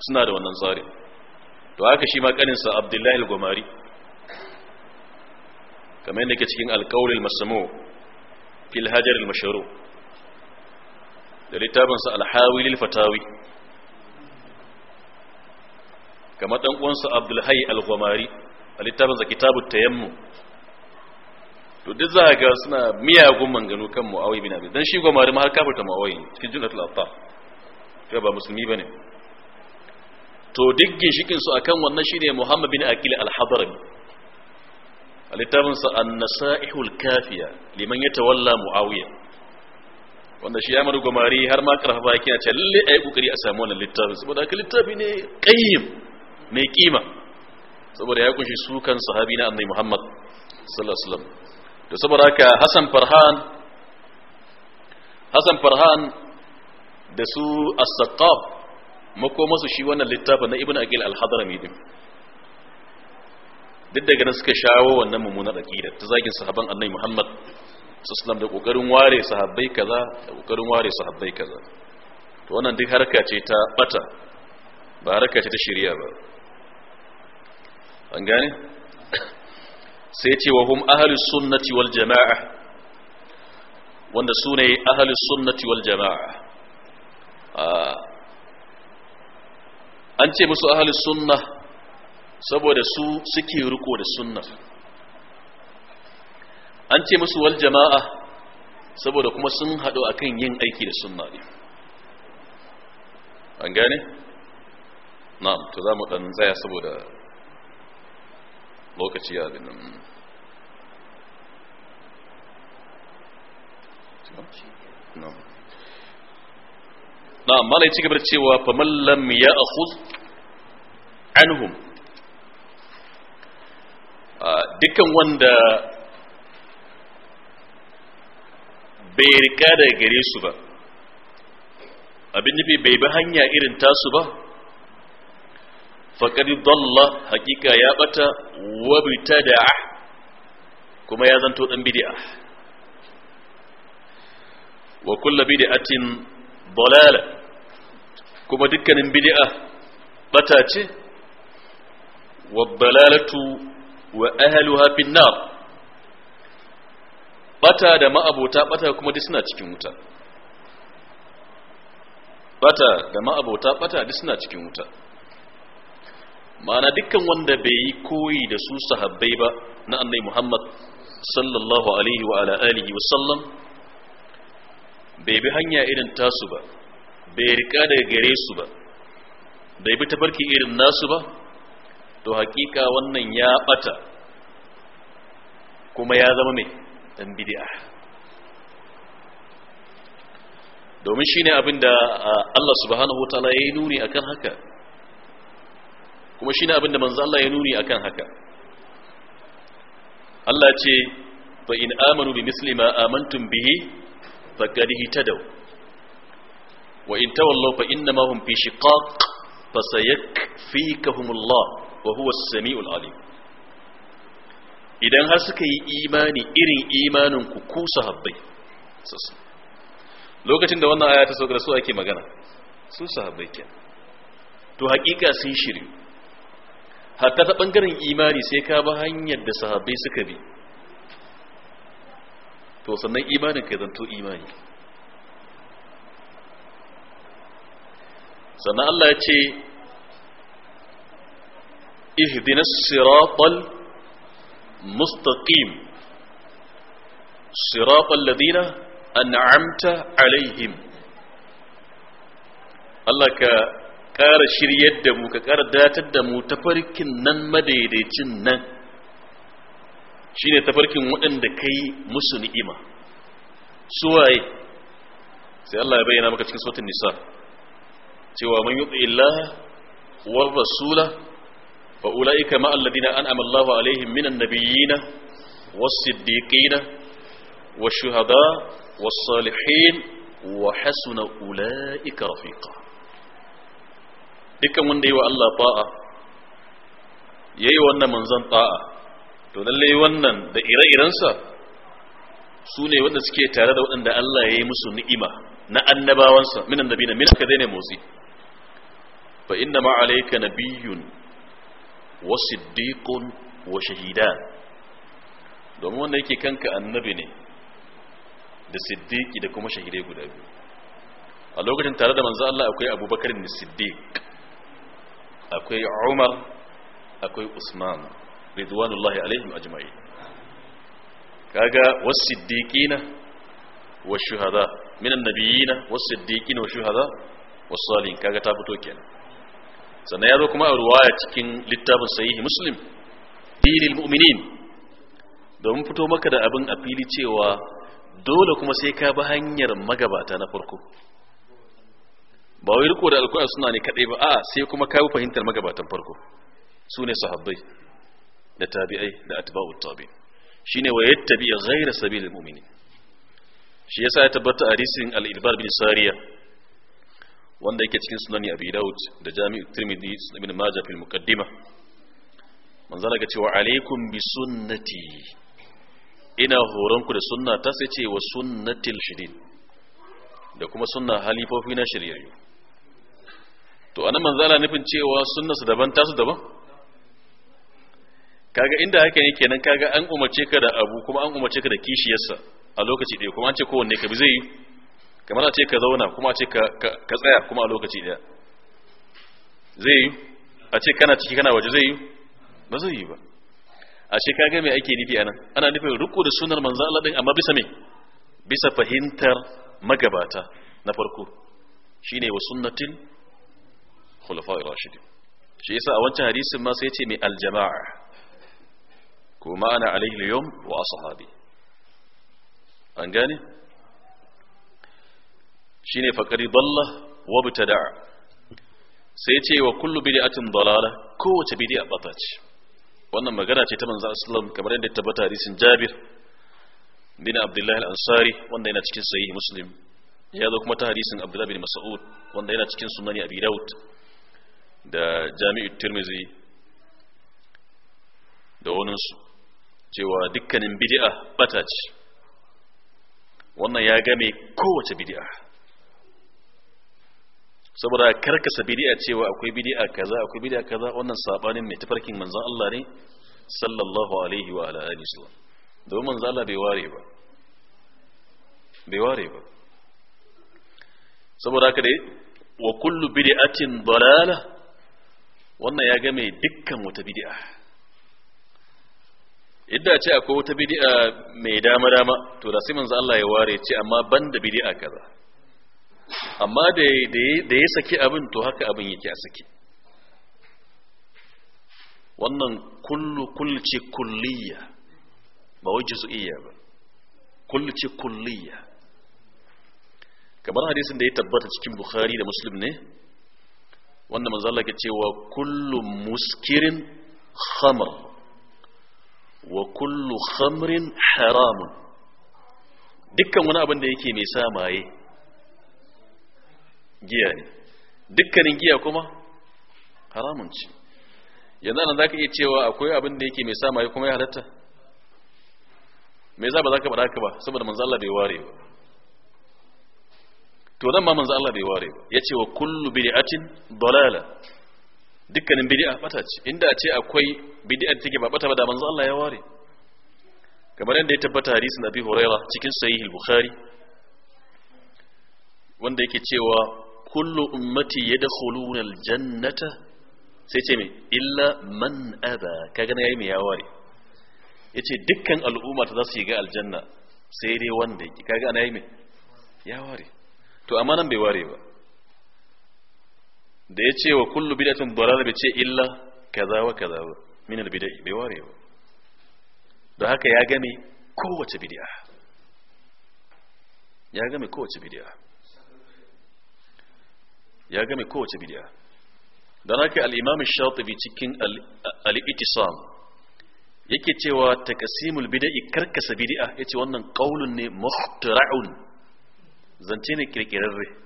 suna da wannan tsarin to haka shi ma kaninsa abdullahi al gumari kamar yadda ke cikin alkawulil masamu fil hajar al-masharu da littafinsa alhawilil fatawi kamar ɗan uwansa abdullahi al gumari a littafinsa kitabut tayammu to duk za ga suna miyagun mangano kan mu'awai bin abi dan shi gumari ma har kafirta mu'awiyi cikin jinnatul ba musulmi bane to duk ginshikin su akan wannan shine Muhammad bin Aqil al-Hadrami a littafin sa an-nasaihul kafiya liman yatawalla Muawiya wanda shi ya mar gumari har ma karfa yake ya ce lalle ayi kokari a samu wannan littafin saboda haka littafi ne qayyim mai kima saboda ya kunshi su kan sahabi na annabi Muhammad sallallahu alaihi wasallam to saboda haka Hassan Farhan Hassan Farhan da su as-Saqqaf makomasu shi wannan littafin na ibn aqil al-hadrami din duk da ganin suka shawo wannan mummunar aqida ta zagin sahaban annabi Muhammad sallallahu da kokarin ware sahabbai kaza da kokarin ware sahabbai kaza to wannan duk harka ce ta bata ba harka ce ta shari'a ba an gane sai ce wa hum ahlus sunnati wal jama'a wanda sune ahlus sunnati wal jama'a ah, an ce musu ahalus sunna saboda su suke riko da sunna an ce musu wal jama'a saboda kuma sun haɗu akan yin aiki da sunna ne an gane? na'am to za mu ɗan tsaya saboda lokaci ya abin nan No. na mala ci gaba da cewa mallam ya ya'khuz anhum ah, dukkan wanda bai rika da gare su ba abin nufi bai bi hanya irin tasu ba faƙar dalla hakika ya bata wabita da kuma ya zanto ɗan bidi'a wa kulla bidi'atin bolala kuma dukkanin bid'a bata ce wa balalatu wa ahluha fin nar bata da ma'abota bata kuma duk suna cikin wuta bata da ma'abota bata duk suna cikin wuta ma'ana dukkan wanda bai yi koyi da su sahabbai ba na annabi Muhammad sallallahu alaihi wa ala alihi wa sallam bai bi hanya irin tasu ba bai rika daga gare su ba bai bi tafarki irin nasu ba to hakika wannan ya bata kuma ya zama mai dan bid'a domin shine abinda Allah subhanahu wataala ya yi nuni akan haka kuma shine abinda manzo Allah ya nuni akan haka Allah ce fa in amanu bi misli ma amantum bihi faqad ihtadaw wa in tawallaw fa innama hum fi shiqaq fasayakfikahumullah wa huwa as-sami'ul alim idan har suka yi imani irin imanin ku ku lokacin da wannan aya ta saukar su ake magana su sahabbai kenan to hakika sun shiryu hatta ta bangaren imani sai ka hanyar da sahabbai suka bi to sannan imanin ka zanto imani sannan Allah ya ce ihdina siratal mustaqim siratal ladina an'amta alaihim Allah ka ƙara shiryar da mu ka ƙara datar da mu ta farkin nan madaidaicin nan ne tafarkin waɗanda kai musu ni'ima su waye sai Allah ya bayyana maka cikin sautin nisa cewa man yuti illah war rasula fa ulaika ma alladina an'ama Allahu alaihim minan nabiyina, was siddiqin was shuhada was salihin wa hasuna ulaika rafiqa dukkan wanda yi wa Allah ta'a yayi wannan manzon ta'a to lallai wannan da ire-irensa su ne wanda suke tare da waɗanda Allah ya yi musu ni'ima na annabawansa minan nabi na zai ne motsi fa inna ma alayka nabiyyun wa siddiqun wa shahidan domin wanda yake kanka annabi ne da siddiqi da kuma shahidai guda biyu a lokacin tare da manzo Allah akwai Abubakar ne siddiq akwai Umar akwai Usman ridwanullahi alaihim ajma'i kaga wasiddiqina washuhada minan nabiyina wasiddiqina washuhada wasalin kaga ta fito kenan sannan ya kuma a ruwaya cikin littafin sahihi muslim dinil mu'minin domin fito maka da abin a fili cewa dole kuma sai ka bi hanyar magabata na farko ba wai riko da alkuwa suna ne kadai ba a sai kuma ka bi fahimtar magabatan farko su ne sahabbai da tabi'ai da atba'ut tabi shine wa yattabi ghayra sabilil mu'minin shi yasa ya tabbata hadisin al-idbar bin sariya wanda yake cikin sunani abi daud da jami'u tirmidhi ibn majah fil Muqaddimah manzo daga cewa alaikum bi sunnati ina horonku da sunna ta sai ce wa sunnatil da kuma sunna halifofi na shiryayyu to anan manzo nufin cewa sunnarsa daban tasu daban kaga inda haka ne kenan kaga an umarce ka da abu kuma an umarce ka da kishiyarsa a lokaci ɗaya kuma an ce kowanne ka bi zai yi kamar a ce ka zauna kuma a ce ka tsaya kuma a lokaci ɗaya zai yi a ce kana ciki kana waje zai yi ba zai yi ba a ce kaga mai ake nufi anan ana nufin riko da sunar manzan Allah din amma bisa me bisa fahimtar magabata na farko shine wa sunnatin khulafa'ir rashidin shi yasa a wancan hadisin ma sai ya ce mai aljama'a kuma ana alaihi yawm wa ashabi an gane shine faqari dalla wa btada sai ce wa kullu bid'atin dalala kowace bid'a bata ce wannan magana ce ta manzo sallallahu kamar yadda tabbata hadisin Jabir bin Abdullahi al-Ansari wanda yana cikin sahih Muslim ya zo kuma ta hadisin Abdullah bin Mas'ud wanda yana cikin sunani Abi Dawud da Jami'u Tirmidhi da wani su cewa dukkanin bidi'a bata ce wannan ya game kowace bidi'a. saboda karkasa bidi'a cewa akwai bidi'a kaza akwai bidi'a kaza wannan sabanin mai tafarkin manzon Allah ne sallallahu alaihi wa alihi wasallam domin manzon Allah bai ware ba bai ware ba saboda haka dai wa kullu bid'atin dalala wannan ya game dukkan wata bidi'a. idda ce akwai wata bid'a mai dama dama to da sai manzo Allah ya ware ce amma banda bid'a kaza amma da da ya saki abin to haka abin yake a saki wannan kullu ce kulliya ba wai juz'iyya ba ce kulliya kamar hadisin da ya tabbata cikin bukhari da muslim ne wanda manzo Allah ke cewa kullu muskirin khamr wa kullu khamrin haramun dukkan wani abin da yake mai sa maye giya ne dukkanin giya kuma haramun ce yanzu nan za ka iya cewa akwai abin da yake mai sa maye kuma ya halatta me za ba za ka bada ka ba saboda manzo Allah bai ware ba to dan ma manzo Allah bai ware ba yace wa kullu bi'atin dalala dukkanin bid'a bata ce inda ce akwai bid'a take ba bata ba da manzo Allah ya ware kamar yadda ya tabbata hadisin Abi Huraira cikin sahih al-Bukhari wanda yake cewa kullu ummati yadkhuluna al-jannata sai ce me illa man aba kaga na yayi me ya ware yace dukkan al'umma ta za su shiga aljanna sai dai wanda yake kaga ana me ya ware to amma nan bai ware ba da ya ce wa kullu bid'atin dalala bai ce illa kaza wa kaza ba min al bid'i bai ware ba don haka ya gane kowace bid'a ya gane kowace bid'a ya gane kowace bid'a don haka al imam shatibi cikin al ittisam yake cewa takasimul bid'i karkasa bid'a yace wannan qaulun ne muhtara'un zance ne kirkirarre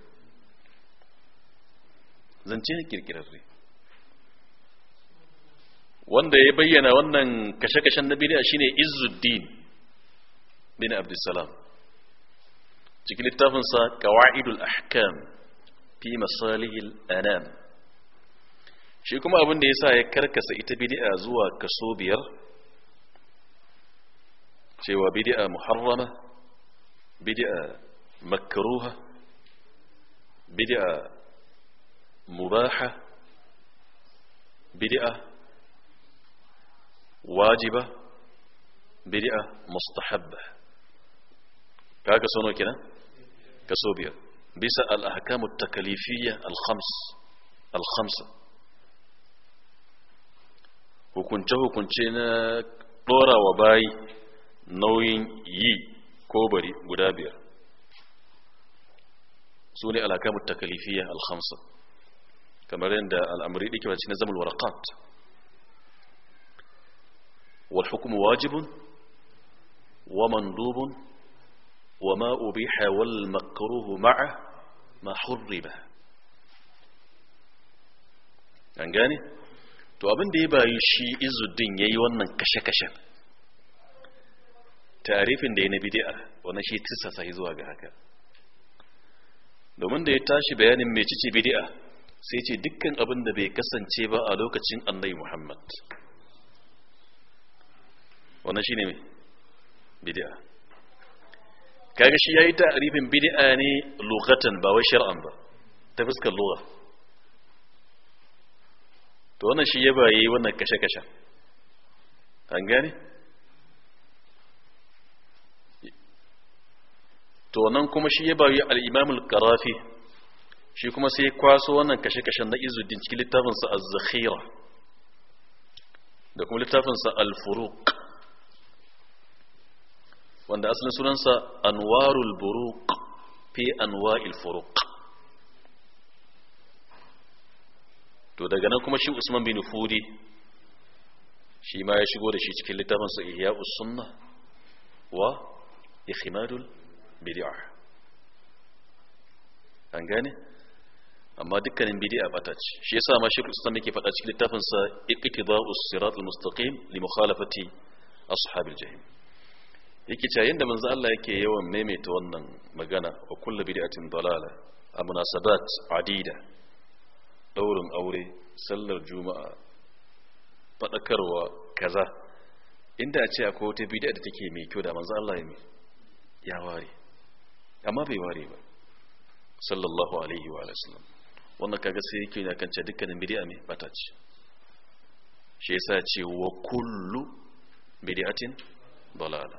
zance ne kirkirarre wanda ya bayyana wannan kashe-kashen na bid'a shine Izuddin bin Abdussalam cikin littafinsa Qawaidul Ahkam fi Masalihil Anam shi kuma abin da yasa ya karkasa ita bid'a zuwa kaso biyar cewa bid'a muharrama bid'a makruha bid'a مباحة بدئة واجبة بدئة مستحبة كاكا سونو كنا كسوبيا بيسأل الأحكام التكاليفية الخمس الخمسة وكنته كنتنا طورا وباي نوين يي كوبري غدابير سوني الأحكام التكاليفية الخمسة kamar yadda al'amari ɗike mace na zamul warakat wal hukumu wajibun wa mandubun wa ma ubiha wal ma'a ma ba. an gane to abin da ya bayi shi izuddin yayi wannan kashe-kashen tarifin da ya na bidi'a wannan shi tissa sai zuwa ga haka domin da ya tashi bayanin mecici bidi'a sai ce dukkan abin da bai kasance ba a lokacin annai muhammad wannan shi ne bidi'a kaga shi ya yi ta'arifin bidi'a ne lokatan ba wai shir'an ba ta fuskar lura to wannan shi ya baye wannan kashe-kashe an gane to nan kuma shi ya baye al'imamul karafi shi kuma sai kwaso wannan kashe-kashen na izuddin cikin littafinsa az-zakhira da kuma littafinsa al-furuq wanda asalin sunansa anwarul buruq fi il furuq to daga nan kuma shi Usman bin Fudi shi ma ya shigo da shi cikin littafinsa Ihya'us Sunnah wa Ikhimadul bidi'a an gane amma dukkanin bidi'a bata ce shi yasa ma shekul islam yake faɗa cikin littafin sa iqtida'u siratul mustaqim li mukhalafati ashabil jahim yake cewa yanda manzo Allah yake yawan maimaita wannan magana wa kullu bid'atin dalala a munasabat adida daurin aure sallar juma'a faɗakarwa kaza inda a ce akwai wata bid'a da take mai kyau da manzo Allah ya mai ya ware amma bai ware ba sallallahu alaihi wa sallam wannan kaga sai yake da kance dukkanin bid'a ne bata ce shi yasa ce wa kullu bid'atin dalala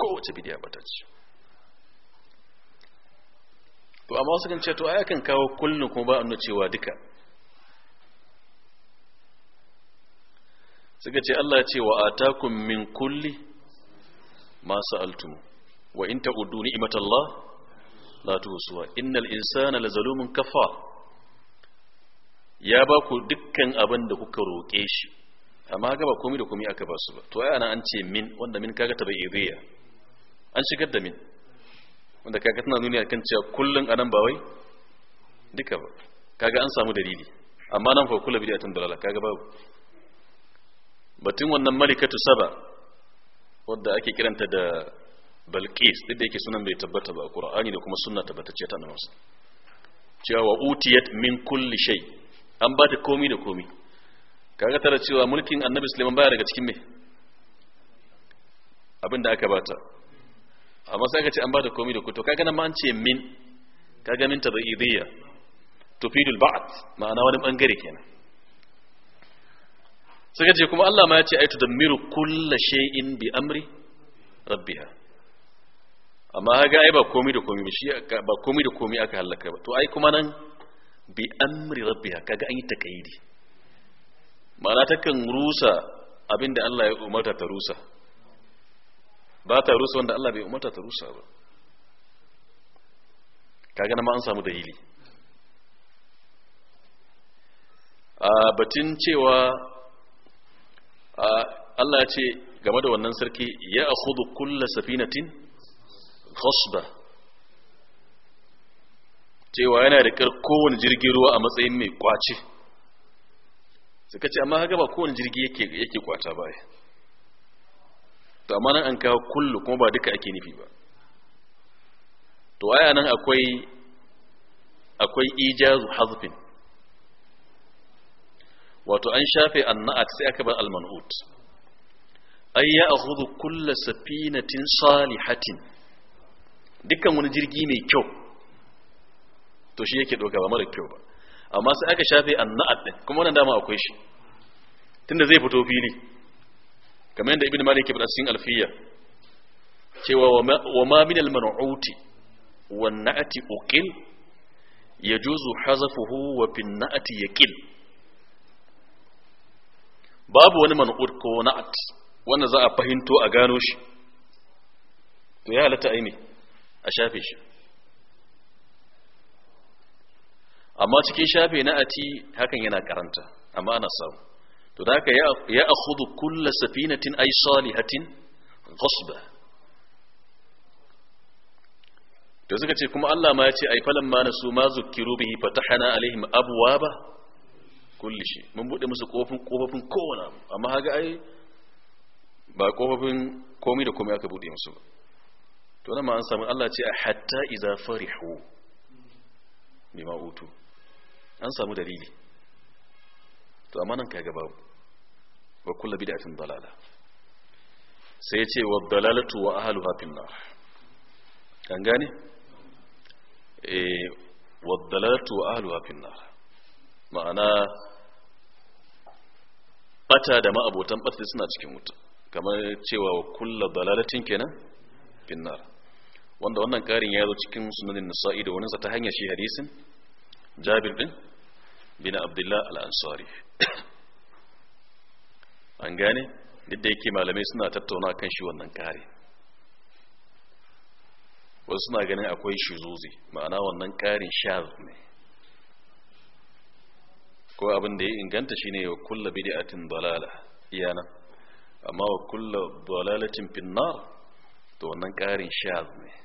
kowace bid'a bata ce to amma wasu kan ce to ayakan kan kawo kullun kuma ba annu cewa duka suka ce Allah ce wa atakum min kulli ma sa'altum wa in ta'uddu ni'matallah la tuhsuha innal insana zalumun kafa ya ba ku dukkan abin da kuka roƙe shi amma ga ba komai da komai aka ba su ba to ai ana an ce min wanda min kaga tabaidiyya an shigar da min wanda kaga tana nuni akan cewa kullun anan ba wai duka ba kaga an samu dalili amma nan fa kullu bid'atun dalala kaga babu batun wannan malikatu saba wadda ake kiranta da Balkis. duk da yake sunan bai tabbata ba qur'ani da kuma sunna tabbatacce ta annabi cewa wa utiyat min kulli shay an ba ta komi da komi kaga cewa mulkin annabi Sulaiman baya daga cikin me abinda aka bata amma sai ka ce an ba ta komi da komi to kaga nan ma an ce min kaga min tufidul ba'd ma'ana wani bangare kenan suka ce kuma Allah ma ya ce aitu kulla shay'in bi amri rabbiha amma ga ai ba komai da komai shi ba komai da komai aka halaka ba to ai kuma nan bi amri rabbiha kaga an yi takaidi ma'ana takan rusa abinda Allah ya umarta ta rusa ba ta rusa wanda Allah bai umarta ta rusa ba kaga na ma an samu dalili a batun cewa Allah ya ce game da wannan sarki ya akhudhu kullu safinatin khusba cewa yana da kar kowane jirgin ruwa a matsayin mai kwace suka ce amma haka ba kowane jirgi yake yake kwata ba to amma nan an kawo kullu kuma ba duka ake nufi ba to aya nan akwai akwai ijazu hazfin wato an shafe anna'at sai aka bar al-man'ut ay ya'khudhu kull safinatin salihatin dukkan wani jirgi mai kyau to shi yake doka ba mara kyau ba amma sai aka shafe anna'at din kuma wannan dama akwai shi tunda zai fito fili kamar yadda ibnu malik ibn asin alfiya cewa wa ma min al-man'uti wan na'ati uqil yajuzu hazafuhu wa bin na'ati yaqil babu wani man'ut ko na'at wanda za a fahimto a gano shi to ya halatta aini a shafe shi amma cikin shafe na ati hakan yana karanta amma ana samu to da haka ya hudu kullu safinatin ay salihatin ghasba to suka ce kuma Allah ma ya ce ai falan ma nasu ma zukkiru bihi fatahana alaihim abwaba kulli shi mun bude musu kofin kofofin kowane amma haga ai ba kofofin komai da komai aka bude musu ba to nan ma an samu Allah ce a hatta idza farihu bima utu an samu dalili to amma nan kaga babu wa kullu bid'atin dalala sai ce wa dalalatu wa ahluha fil nar kan gane eh wa dalalatu wa ahluha fil nar ma'ana bata da ma'abotan bata suna cikin wuta kamar cewa wa kullu dalalatin kenan finnar wanda wannan karin ya zo cikin sunanin nisa'i da waninsa ta hanyar shi hadisin jabir bin bin abdullah al-ansari an gane duk da yake malamai suna tattauna kan shi wannan kare wasu suna ganin akwai zuzi, ma'ana wannan karin shaz ne ko abin da ya inganta shine wa kulla bid'atin dalala iyana amma wa kulla dalalatin finnar to wannan karin shaz ne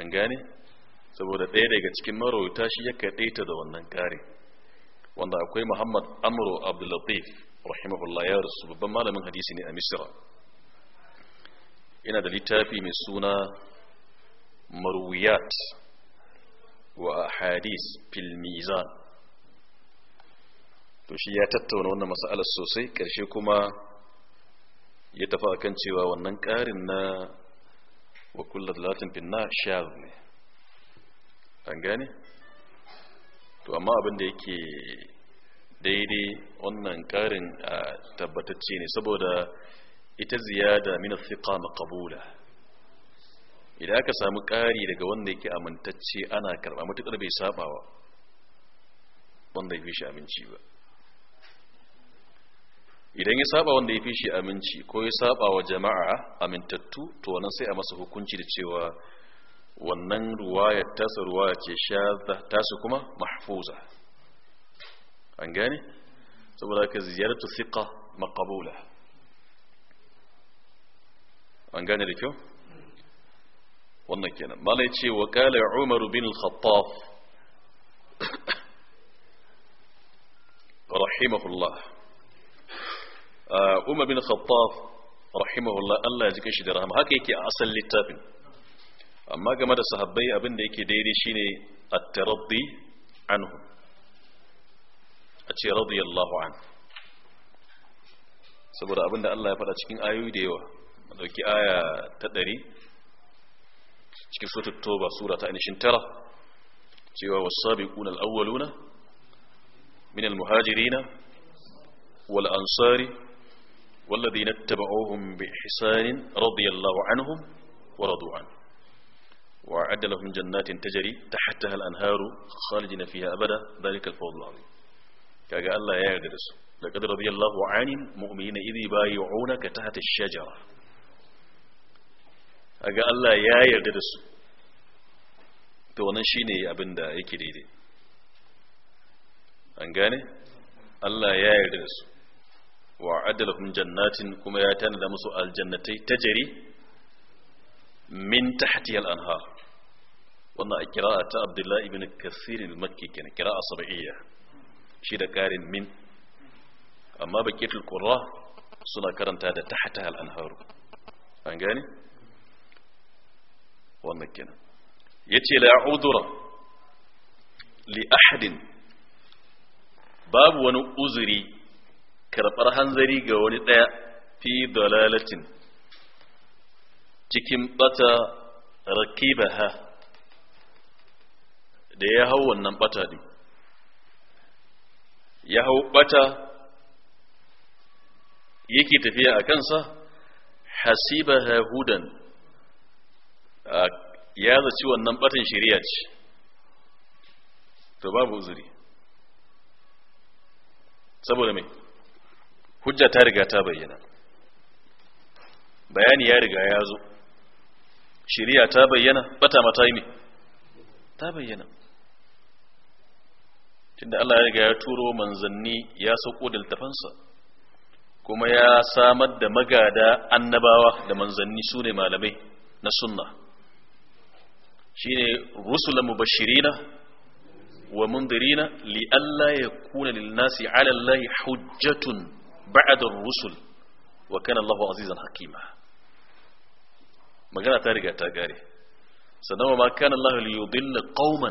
an gane saboda ɗaya daga cikin marauta shi ya kaɗaita da wannan ƙari wanda akwai muhammad amro abdullatif rahimahullah ya rasu babban malamin hadisi ne a misira yana da littafi mai suna marwiyat wa hadis fil mizan to shi ya tattauna wannan mas'alar sosai ƙarshe kuma ya tafi akan cewa wannan ƙarin na wa kullu dalatin finna shadh ne an gane to amma abin da yake daidai wannan karin tabbatacce ne saboda ita ziyada min athiqa maqbula idan aka samu kari daga wanda yake amintacce ana karba mutukar bai sabawa wanda ya fi shi aminci ba idan ya saba wanda ya fi shi aminci ko ya saba wa jama'a amintattu to wannan sai a masa hukunci da cewa wannan ruwaya tasa ruwaya ce shadda tasa kuma mahfuza an gane saboda ka ziyartu thiqa maqbula an gane da kyau wannan kenan malai ce wa qala umar bin al-khattab rahimahullah Uh, umar bin khattab rahimahullah Allah ya ji shi da rahama haka yake a asalin littafin amma game da sahabbai abin da yake daidai shine at-taraddi anhu a ce radiyallahu an saboda abin da Allah ya faɗa cikin ayoyi da yawa dauki aya ta ɗari cikin suratul toba sura ta ainihin tara cewa wasabiquna al-awwaluna min al-muhajirina wal ansari والذين اتبعوهم بإحسان رضي الله عنهم ورضوا عنه وأعد لهم جنات تجري تحتها الأنهار خالدين فيها أبدا ذلك الفوز العظيم كاقا الله يدرس لقد رضي الله عن المؤمنين إذ يبايعونك تحت الشجرة kaga Allah ya yarda da su to wannan shine abin da yake daidai an gane Allah ya yarda da su wa adalahum jannatin kuma ya tana da musu aljannatai tajri min tahtiha al-anhar wannan a kira'a ta Abdullahi ibn Kathir al-Makki kenan kira'a sab'iyya shi da karin min amma baqiyatul qurra suna karanta da tahtaha al-anhar an gani? wannan kenan yace la udura li ahadin babu wani uzuri karɓar hanzari ga wani ɗaya fi dalalatin cikin bata rakibaha da ya hau wannan bata ne ya hau bata yake tafiya a kansa hasibaha hudan ya zaci wannan batan shari'a ce to babu uzuri saboda mai hujja ta riga ta bayyana bayani ya riga ya zo Shirya ta bayyana bata mata yi ta bayyana tunda Allah ya riga ya turo manzanni ya sauko da kuma ya samar da magada annabawa da manzanni su ne malamai na sunna shi ne rusulan mubashirina wa mundirina li Allah ya kuna lil nasi ala Allah hujjatun بعد الرسل وكان الله عزيزا حكيما مجانا تاريخ التاجاري سنما ما كان الله ليضل قوما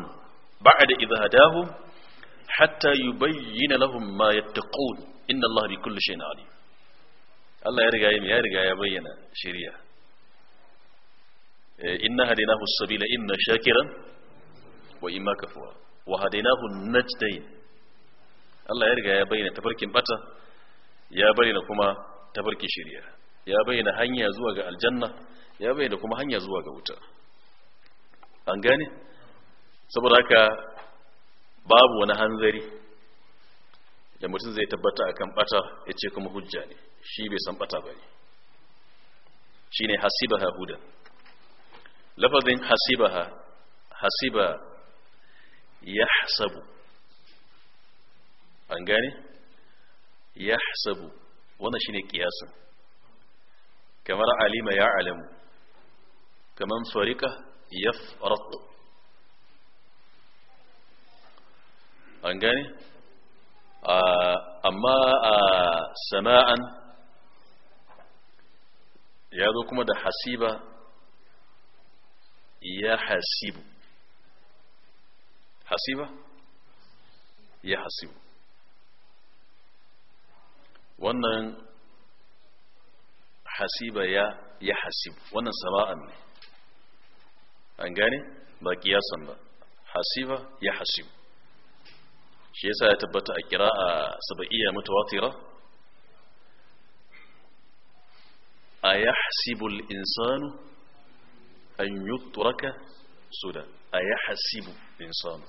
بعد إذا هداهم حتى يبين لهم ما يتقون إن الله بكل شيء عليم الله يرجع يرجع يبين شريعة إن هديناه السبيل إن شاكرا وإما كفورا وهديناه النجدين الله يرجع يبين تبارك بطه ya bayyana kuma tafarki shirya ya bayyana hanya zuwa ga aljanna ya bayyana kuma hanya zuwa ga wuta an gane saboda haka babu wani hanzari da mutum zai tabbata akan bata ya ce kuma hujja ne shi bai san bata ba ne shi ne hasibaha hudan lafazin hasibaha hasiba ya hasabu an gane yahsabu wannan shine kiyasin kamar alima ya alamu kamar farika yafrat an gane amma sama'an ya zo kuma da hasiba ya hasibu hasiba ya hasibu wannan hasiba ya ya hasib wannan sama'an ne an gane ba kiyasan ba hasiba ya hasib shi yasa ya tabbata a kira'a saba'iyya mutawatira a yahsibu al-insanu an yutraka suda a yahsibu al-insanu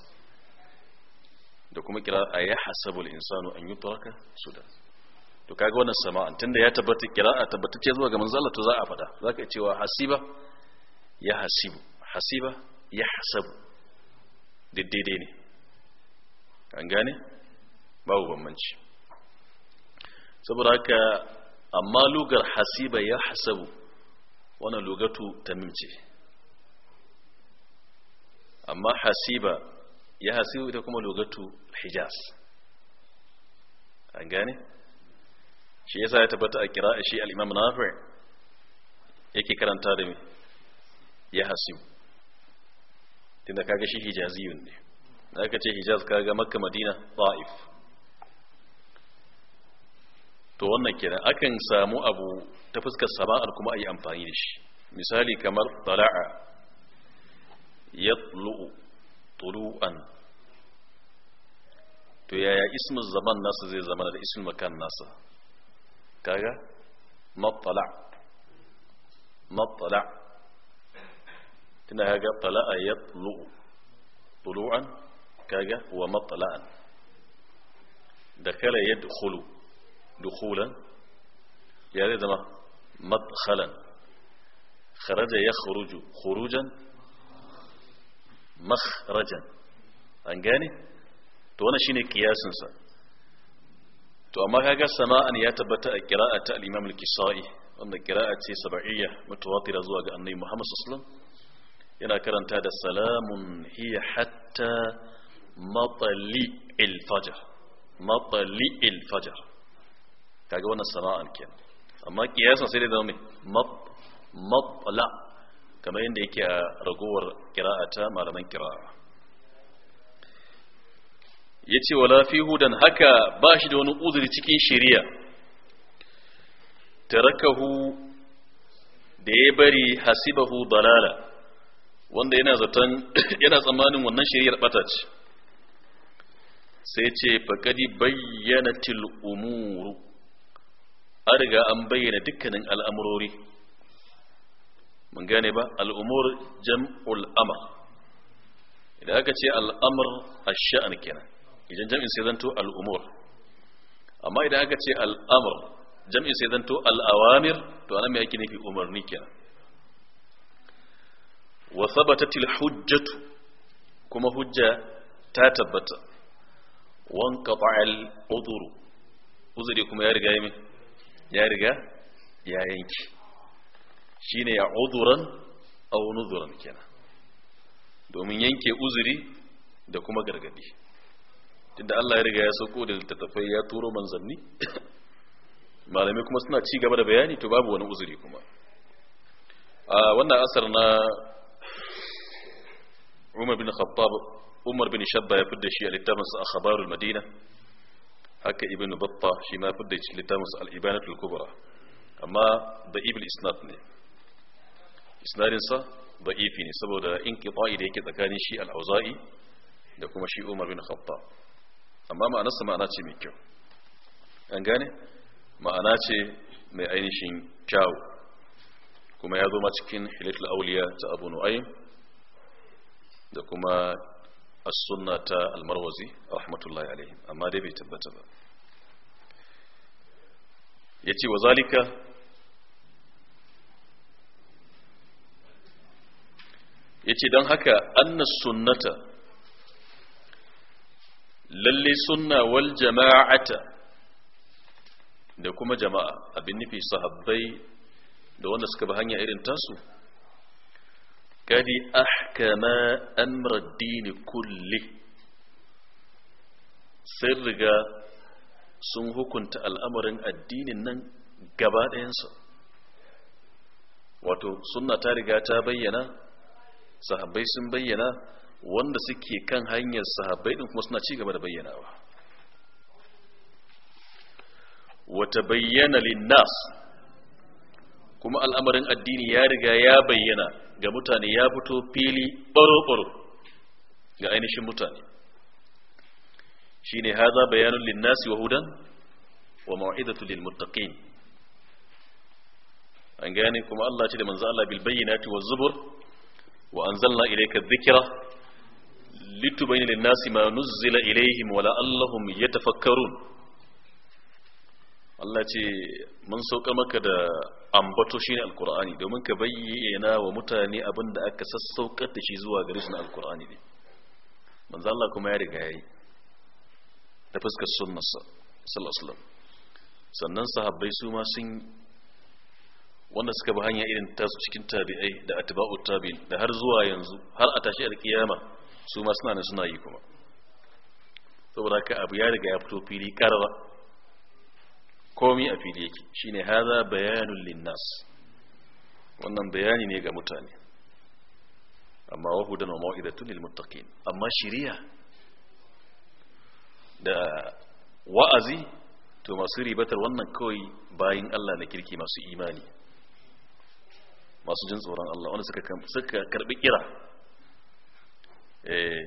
da kuma kira a yahsabu al-insanu an yutraka suda to kaga wannan sama'an tunda ya tabbata kira'a ce zuwa ga manzo Allah to za a fada zaka cewa hasiba ya hasibu hasiba ya hasabu daidai ne an gane babu bambanci saboda haka amma lugar hasiba ya hasabu wannan lugatu ta mimce amma hasiba ya hasibu ita kuma lugatu hijaz an gane shi yasa ya tabbata a kira shi al-imam nafi yake karanta da me ya hasibu tunda kaga shi hijaziyun ne da aka ce hijaz kaga makka madina ta'if to wannan kira akan samu abu ta fuskar sama'ar kuma ayi amfani da shi misali kamar tala'a yatlu'u tulu'an to yaya ismin zaman nasa zai zama da ismin makan nasa كاجا ما مطلع ما طلع هنا هاجا طلع يطلع طلوعا كاجا هو مطلعا دخل يدخل دخولا يا يعني ما مدخلا خرج يخرج خروجا مخرجا أنجاني تو أنا شيني كياسنسا to amma kaga sama'an ya tabbata a qira'a ta al-Imam al-Kisai wanda kira'a ce sab'iyya mutawatira zuwa ga Annabi Muhammad sallallahu alaihi wasallam yana karanta da salamun hiya hatta matali al-fajr matali al-fajr kaga wannan sama'an kenan amma kiyasa sai da zama mat matla kamar yadda yake a ragowar qira'a ta malaman kira'a ya ce wala fi hudan haka ba shi da wani uzuri cikin shiriya tarakahu da ya bari hasibahu dalala wanda yana zaton yana tsammanin wannan shiriyar bata ce sai ce faƙadi bayyana umuru an riga an bayyana dukkanin al'amurori mun gane ba al'umur jam'ul amr idan aka ce al'amur a sha'an kenan idan jam'in sai zanto al'umur amma idan aka ce al'amur jam'in sai zanto al'awamir to anan mai ake nufi umarni kenan wa sabatatil hujjatu kuma hujja ta tabbata wan qata'al udhuru uzuri kuma ya riga yayi ya riga ya yanki shine ya udhuran aw nuzuran kenan domin yanke uzuri da kuma gargadi tunda Allah ya riga ya sauko da littattafai ya turo manzanni malamai kuma suna ci gaba da bayani to babu wani uzuri kuma a wannan asar na Umar bin Khattab Umar bin Shabba ya fidda shi a littafinsa Akhbarul Madina haka Ibn Battah shi ma fidda shi littafinsa Al-Ibanatul Kubra amma da ibil isnad ne isnadinsa da ne saboda in da yake tsakanin shi al-auza'i da kuma shi umar bin khattab amma ma'anarsa ma'ana ce mai kyau an gane ma'ana ce mai ainihin kyau kuma ya zo ma cikin hilatul auliya ta abu nu'aym da kuma as-sunna ta al-marwazi rahmatullahi alaihi amma dai bai tabbata ba yace wa zalika yace don haka anna sunnata lalle sunna wal jama'ata da kuma jama'a abin nufi sahabbai da wanda suka bi hanya irin tasu kadi ahkama amra kulli sai riga sun hukunta al'amarin addinin nan gaba ɗayansa wato sunna ta riga ta bayyana sahabbai sun bayyana wanda suke kan hanyar sahabbai din kuma suna ci da bayyanawa wata bayyana linnas kuma al'amarin addini ya riga ya bayyana ga mutane ya fito fili baro-baro ga ainihin mutane shine haza bayanun linnasi wa hudan wa mau'izatu lil muttaqin an gane kuma Allah ce da manzo Allah bil bayyinati wa zubur wa anzalna ilayka dhikra litubayyana lin-nasi ma nuzzila ilaihim wa la'allahum yatafakkarun Allah ce mun sauka maka da ambato shine alqur'ani domin ka bayyana wa mutane abinda aka sassauka da shi zuwa gare su na alqur'ani ne manzo Allah kuma ya riga yayi da fuskar sunnarsa sallallahu alaihi wasallam sannan sahabbai su ma sun wanda suka bi hanya irin tasu cikin tabi'ai da atba'u tabi'in da har zuwa yanzu har a tashi alkiyama su ma suna da suna yi kuma saboda haka abu ya riga ya fito fili karara komi a fili yake shine haza bayanul linnas wannan bayani ne ga mutane amma wahudan wa mawidatun lil muttaqin amma shiriya da wa'azi to masu ribatar wannan kawai bayin Allah na kirki masu imani masu jin tsoron Allah wanda suka karbi kira Eh,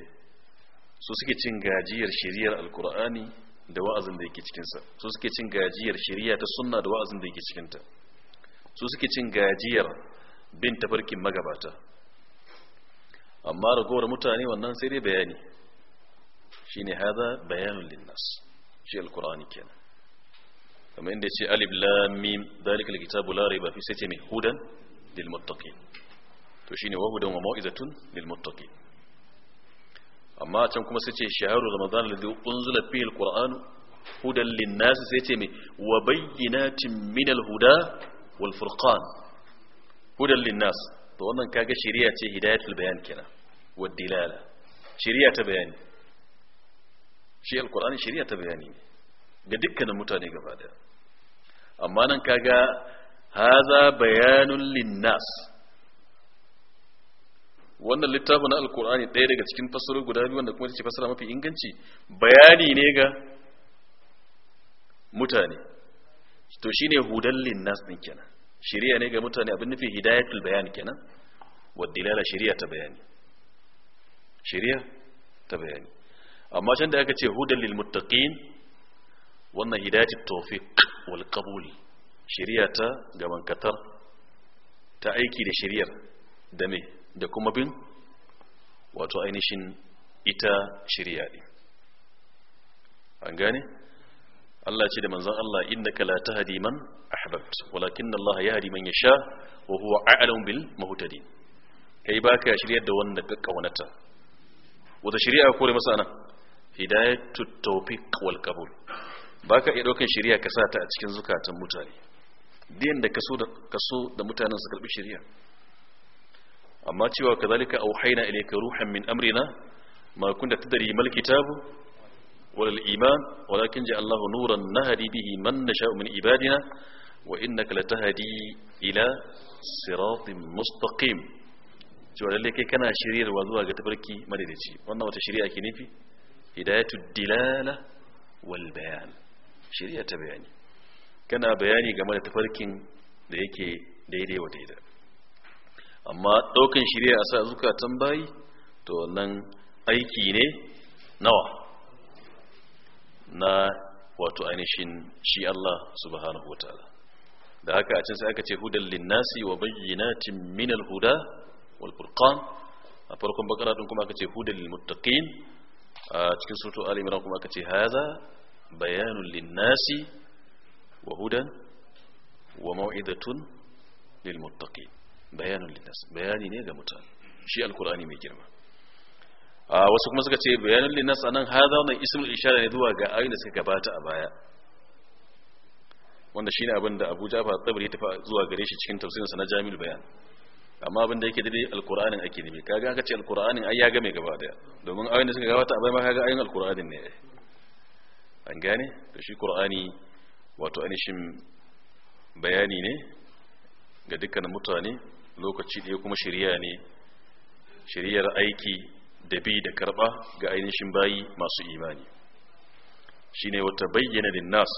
su suke cin gajiyar shiriyar alkur'ani da wa'azin da yake cikinsa su suke cin gajiyar shiriya ta sunna da wa'azin da yake cikinta su suke cin gajiyar bin tafarkin magabata amma ragowar mutane wannan sai dai bayani shine hada bayanin linnas shi alkur'ani kenan kamar inda ce alif lam mim dalikal kitabu la raiba fi sai ce mai hudan lil muttaqin to shine wa hudan wa mau'izatun lil muttaqin amma can kuma sai ce shaharu ramadan alladhi unzila fihi alquran hudan linnas sai ce me wa bayyinatin min huda wal furqan hudan linnas to wannan kaga shari'a ce hidayatul bayan kenan wad dilala shari'a ta bayani shi alquran shari'a ta bayani ga dukkanin mutane gaba daya amma nan kaga haza bayanun linnas wannan littafin na alkur'ani ɗaya daga cikin fasarar guda biyu wanda kuma ce fassara mafi inganci bayani ne ga mutane to shine hudan linnas din kenan shari'a ne ga mutane abin nufi hidayatul bayan kenan waddilala shari'a ta bayani shari'a ta bayani amma can da aka ce hudan lil muttaqin wannan hidayatul tawfiq wal qabul shari'a ta gaban katar ta aiki da shari'ar da me da kuma bin wato ainihin ita shirya ɗin an gane Allah ce da manzan Allah ka la tahdi man ahbabt walakin Allah yahdi ya sha, wa huwa a'lam bil muhtadin kai baka shirya da wanda ka kaunata wata shari'a ko da masana hidayatut tawfiq wal qabul baka iya daukar shari'a ka sa ta a cikin zukatan mutane din da kaso da da mutanen su karbi shari'a amma cewa kazalika auhayna ilayka ruhan min amrina ma kunta tadri mal kitabu wal iman walakin ja Allahu nuran nahdi bihi man nasha min ibadina wa innaka latahdi ila siratin mustaqim cewa lalle kai kana shiryarwa zuwa ga tafarki madaidaici wannan wata shiriya ke nufi hidayatu dilala wal bayan shiriya ta bayani kana bayani game da tafarkin da yake daidai wa daidai amma ɗaukan shirya a sa zukatan bayi to wannan aiki ne nawa na wato ainihin shi Allah subhanahu wa ta'ala da haka a can sai aka ce hudan linnasi wa bayyinatin minal huda wal furqan a farkon bakara din kuma aka ce hudan lil muttaqin a cikin suratu ali imran kuma aka ce haza bayanun linnasi wa hudan wa mau'izatun lil muttaqin Bayanan linnas bayani ne ga mutane shi alkur'ani mai girma a wasu kuma suka ce bayanun linnas anan hada wannan ismul ishara ne zuwa ga ayoyin da suka gabata a baya wanda shine abin da Abu Ja'far Tabari ta zuwa gare shi cikin tafsirin sa na jami'ul Bayan amma abin da yake da alkur'anin ake nufi kaga aka ce alkur'anin ai ya ga mai gaba daya domin ayoyin da suka gabata a baya ma kaga ayoyin alkur'anin ne an gane to shi qur'ani wato anishin bayani ne ga dukkanin mutane lokaci ɗaya kuma shirya ne shiryar aiki da bi da karɓa ga ainihin bayi masu imani shi ne wata bayyana linnas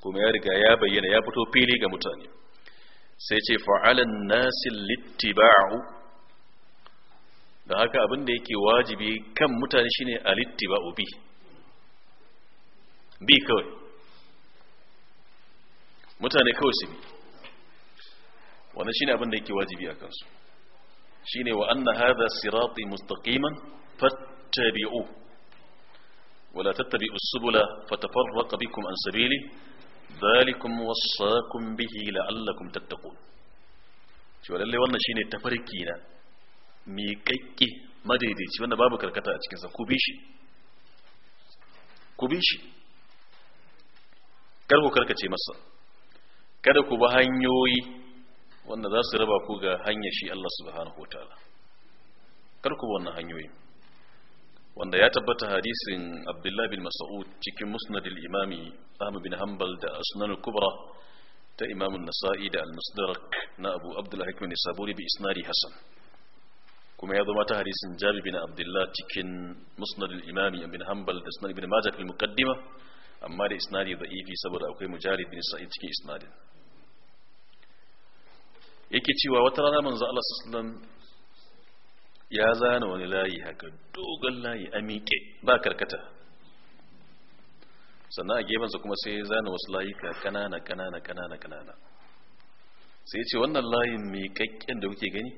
kuma ya riga ya bayyana ya fito fili ga mutane sai ce fa'alan nasin littiba'u da haka abin da yake wajibi kan mutane shi litti alittiba'u bi bi kawai mutane kawai su bi wannan shine abin da yake wajibi akan su shine wa anna hadha sirati mustaqiman fattabi'u wa la tattabi'u subula fatafarraqa bikum an sabili dhalikum wasaqakum bihi la'allakum tattaqun shi wallahi wannan shine tafarki na mi miƙaƙƙe madaidaici wanda babu karkata a cikin sa ku bi shi ku bi shi kar ku karkace masa kada ku bi hanyoyi wanda za su raba ku ga hanyar shi Allah subhanahu wa ta'ala kar ku wannan hanyoyi wanda ya tabbata hadisin Abdullahi bin Mas'ud cikin Musnad imami Ahmad bin Hanbal da Sunan kubra ta Imam an-Nasa'i da al-Musdarak na Abu Abdullah Hakim an-Saburi bi isnadi Hasan kuma ya zama ta hadisin Jabir bin Abdullah cikin Musnad al-Imami bin Hanbal da Sunan ibn Majah fil muqaddima amma da isnadi da'ifi saboda akwai Mujahid bin Sa'id cikin isnadin yake cewa wata rana manzo Allah sallallahu ya zana wani layi haka dogon layi a miƙe ba karkata sannan a gefensa kuma sai ya zana wasu layuka kanana kanana kanana kanana sai ya ce wannan layin miƙaƙƙen da kuke gani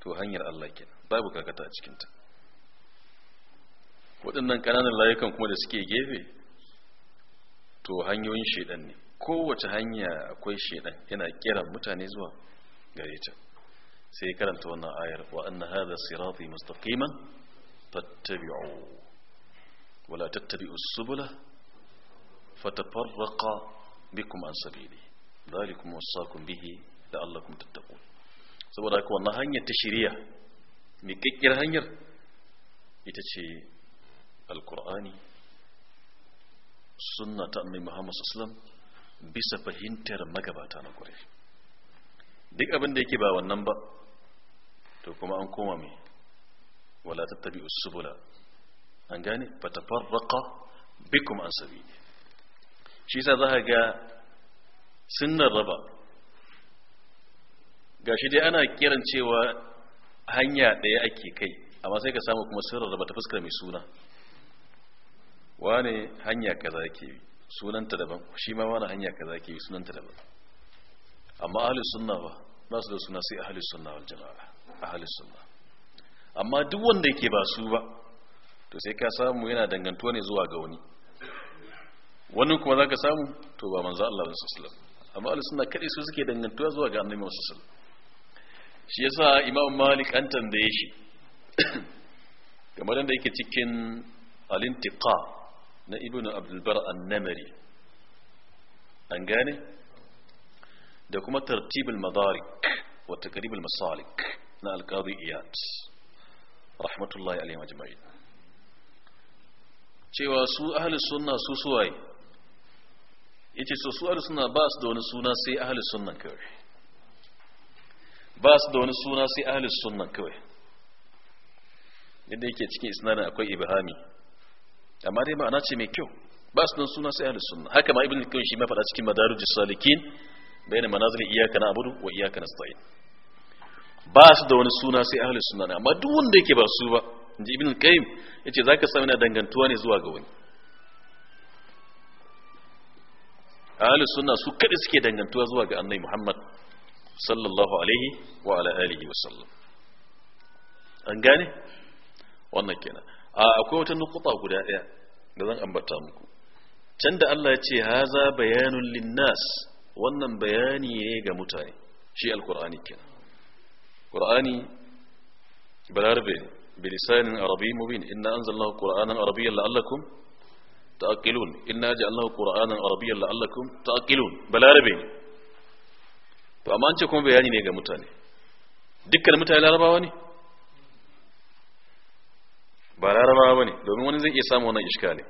to hanyar Allah kenan babu karkata a cikinta waɗannan ƙananan layukan kuma da suke gefe to hanyoyin shaidan ne kowace hanya akwai shaidan yana kiran mutane zuwa gare ta sai karanta wannan ayar wa anna hadha sirati mustaqiman fattabi'u wala tattabi'u subula fatafarraqa bikum an sabili dhalikum wasaqakum bihi la'allakum tattaqun saboda haka wannan hanyar ta shiriya mai kikkiyar hanyar ita ce alkur'ani sunna ta annabi Muhammad sallallahu alaihi wasallam bisa fahimtar magabata na Quraysh duk abin da yake ba wannan ba to kuma an koma mai wala tattabi usubula an gane fatafarraqa bikum an sabi shi za zaka ga sunnar raba gashi dai ana kiran cewa hanya ɗaya ake kai amma sai ka samu kuma sirrar raba ta fuskar mai suna wane hanya kaza yake bi sunanta daban shi ma wani hanya kaza yake bi sunanta daban amma ahli sunna ba ba su da suna sai ahli sunna wal jama'a ahli sunna amma duk wanda yake ba su ba to sai ka samu yana dangantuwa ne zuwa ga wani wani kuma zaka samu to ba manzo Allah sallallahu alaihi wasallam amma ahli sunna kadai su suke dangantuwa zuwa ga annabi sallallahu alaihi wasallam shi yasa imam malik an tambaye shi kamar da yake cikin al-intiqa na ibnu abdul bar an-namri an gane da kuma tartibul madarik wa taqribul masalik na alqadi iyad rahmatullahi alaihi majma'in cewa su ahli sunna su suwaye yace so su ahli sunna ba su da wani suna sai ahli sunna kawai ba su da wani suna sai ahli sunna kawai yadda yake cikin isnadin akwai ibhami amma dai ma'ana ce mai kyau ba su da suna sai ahli sunna haka ma ibn kayyim shi ma faɗa cikin madarijus salikin bayan iyaka na abudu wa na nasta'in ba su da wani suna sai ahli suna ne amma duk wanda yake ba su ba ji ibn qayyim yace zaka samu na dangantuwa ne zuwa ga wani Ahli suna su kada suke dangantuwa zuwa ga annabi Muhammad sallallahu alaihi wa ala alihi wa sallam an gane wannan kenan akwai wata nukuta guda daya da zan ambata muku can da Allah ya ce haza bayanun linnas wannan bayani ne ga mutane shi alkur'ani kenan qur'ani balarbe bilisanin arabi mubin inna anzalnahu qur'anan arabiyyan la'allakum ta'qilun inna ja'alnahu qur'anan arabiyyan la'allakum ta'qilun balarbe to amma an ce kuma bayani ne ga mutane dukkan mutane larabawa ne ba larabawa bane domin wani zai iya samu wannan iskali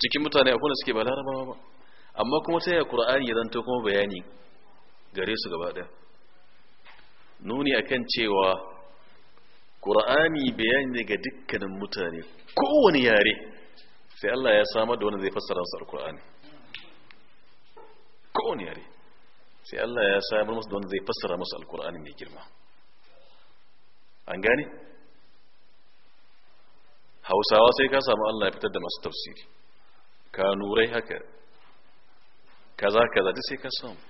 cikin mutane akwai da suke ba larabawa ba amma kuma sai alkur'ani ya zanto kuma bayani gare su gaba ɗaya nuni akan cewa ƙura'ani bayani ne ga dukkanin mutane kowane yare sai Allah ya samar da wanda zai fassara su alkur'ani kowane yare sai Allah ya samar musu da wanda zai fassara musu alkur'ani mai girma an gane hausawa sai ka samu Allah ya fitar da masu tafsiri kanurai haka kaza kaza duk sai ka samu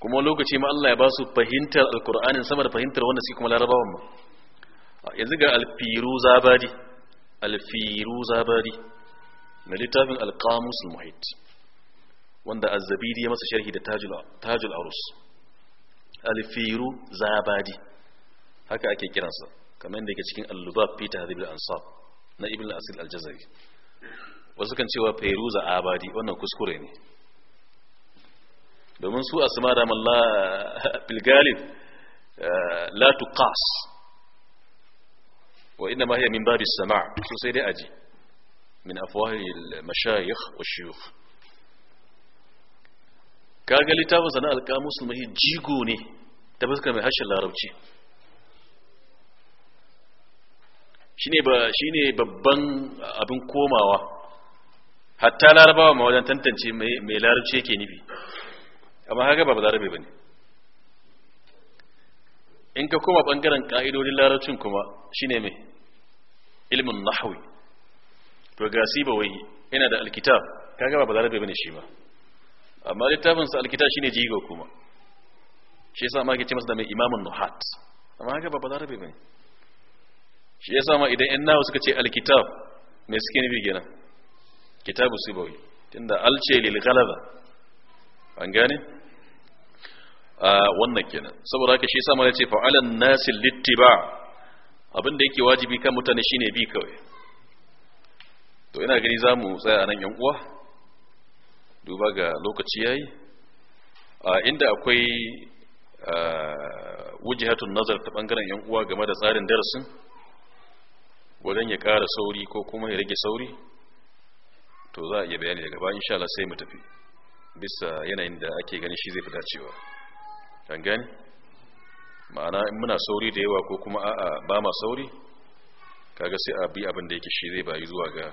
kuma lokaci ma Allah ya ba su fahimtar alkur'anin sama da fahimtar wanda suke kuma larabawan ma yanzu ga alfiru zabadi alfiru zabadi na littafin alkamus muhit wanda azzabidi ya masa sharhi da tajul arus alfiru zabadi haka ake kiransa kamar yadda yake cikin allubab fi tahdhib al-ansab na ibn al-asil al-jazari wasu kan cewa a abadi wannan kuskure ne domin su asma da malla bilgalib eh, la tuqas wa inna ma min babis sama' su sai dai aji min afwahi mashayikh wa shuyukh kaga littafin sana al-qamus mahi jigo ne ta fuskar mai harshen larabci Shi ne shine babban abin komawa hatta larabawa ma wajen tantance mai larabci yake nufi amma haka ba larabe ba ne in ka koma bangaren ƙa'idodin larabcin kuma shine mai ilmin nahawi to ga wai yana da alkitab kaga ba larabe ba ne shi ma amma littafinsa alkitab shine jigo kuma shi yasa ma ke ce masa da mai imamun nuhat amma haka ba larabe ba ne shi yasa ma idan yan nawa suka ce alkitab mai suke nufi kenan kitabu sibawi tunda alce lil an gane wannan kenan saboda haka shi yasa mala ce fa'alan nasi littiba abinda yake wajibi kan mutane shine bi kawai to ina gani zamu tsaya anan yan uwa duba ga lokaci yayi inda akwai wujihatun nazar ta bangaren yan uwa game da tsarin darasin wajen ya kara sauri ko kuma ya rage sauri to za a iya bayani daga ba insha Allah sai mu tafi bisa yanayin da ake gani shi zai fi dacewa kan gani ma'ana in muna sauri da yawa ko kuma a'a ba ma sauri kaga sai a bi abin da yake shi zai bayi zuwa ga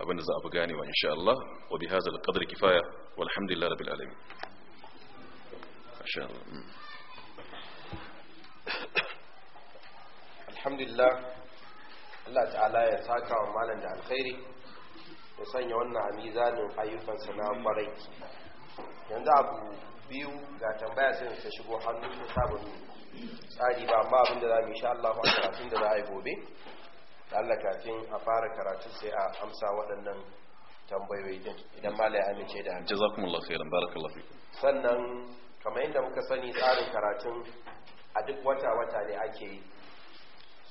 abin da za a fi ganewa insha Allah wa bi hadha al-qadr kifaya walhamdulillah rabbil alamin insha Allah mm. alhamdulillah Allah ta'ala ya saka wa malam da alkhairi ya sanya wannan a mizanin ayyukansa na kwarai yanzu abu biyu ga tambaya sai ta shigo hannu ko sabon tsari ba amma abinda za mu insha Allah a karatun da za a yi gobe da Allah kafin a fara karatu sai a amsa waɗannan tambayoyi din idan ba ya amince da hannu jazakumullahu khairan barakallahu fikum sannan kamar yadda muka sani tsarin karatun a duk wata wata ne ake yi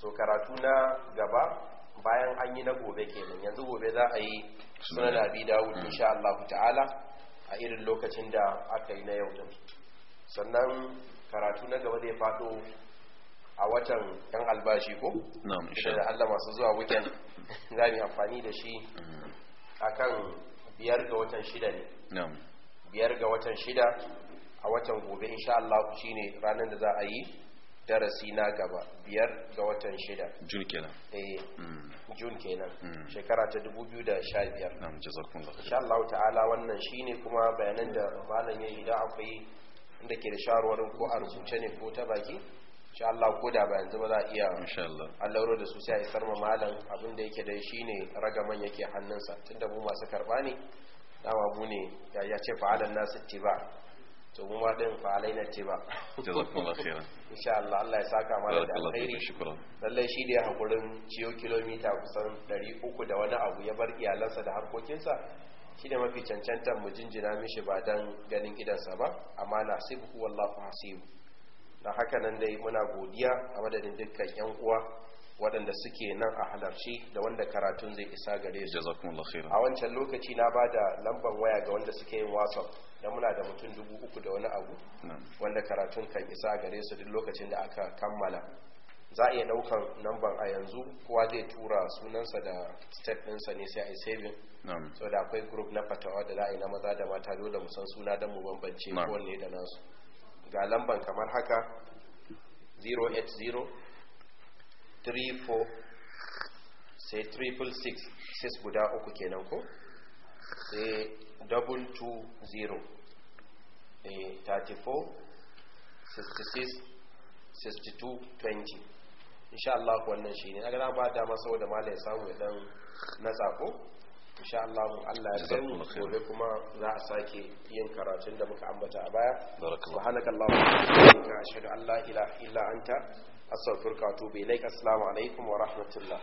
so karatu na gaba bayan an yi na gobe kenan yanzu gobe za a yi sunan abi dawud hmm. insha Allah ta'ala a irin lokacin da aka yi na yau din sannan karatu na gaba zai fado a watan yan albashi ko na'am insha Allah Allah masu zuwa weekend hmm. za mu amfani da shi hmm. kan biyar ga watan shida ne biyar ga watan shida a watan gobe insha Allah shine ranar da za a yi darasi na gaba biyar ga watan shida jun kenan eh mm. jun kenan mm. shekara ta 2015 na'am jazakumullahu insha Allah ta'ala wannan shine kuma bayanan da malam ya yi da akwai inda ke da shawarwarin ko a ne ko ta baki insha Allah ko da ba yanzu ba za a iya insha Allah Allah da su sai a isar ma malam abin da yake da shi ne ragaman yake hannunsa tunda mu masu karba ne dawa mu ne ya ce fa'alan nasu tiba to mu ma din fa alaina ce ba jazakumullahu khairan insha Allah Allah ya saka mana da alkhairi lalle shi da hakurin ciyo kilomita kusan 300 da wani abu ya bar iyalansa da harkokinsa shi da mafi cancantar mu jinjina mishi ba dan ganin gidansa ba amma nasibu wallahu hasibu da haka nan dai muna godiya a madadin dukkan yan uwa waɗanda suke nan a halarci da wanda karatun zai isa gare su a wancan lokaci na ba da lambar waya ga wanda suke yin whatsapp da muna da mutum dubu uku da wani abu wanda karatun kan isa gare su duk lokacin da aka kammala za a iya ɗaukan lambar a yanzu kowa zai tura sunansa da state ɗinsa ne sai a yi saving so da akwai group na fatawa da za a na maza da mata dole mu san suna don mu bambance kowanne da nasu ga lambar kamar haka 080 3-4 sai triple six six guda uku kenan ko sai double two zero sixty 34 66 62 20 insha Allah wannan shi ne na gana ba dama saboda mala ya samu idan dan natsa insha Allah Allah ya kai gobe kuma za a sake yin karatun da muka ambata a baya subhanakallahumma wa bihamdika ashhadu an la ilaha illa anta astaghfiruka wa atubu ilaik assalamu alaikum wa rahmatullah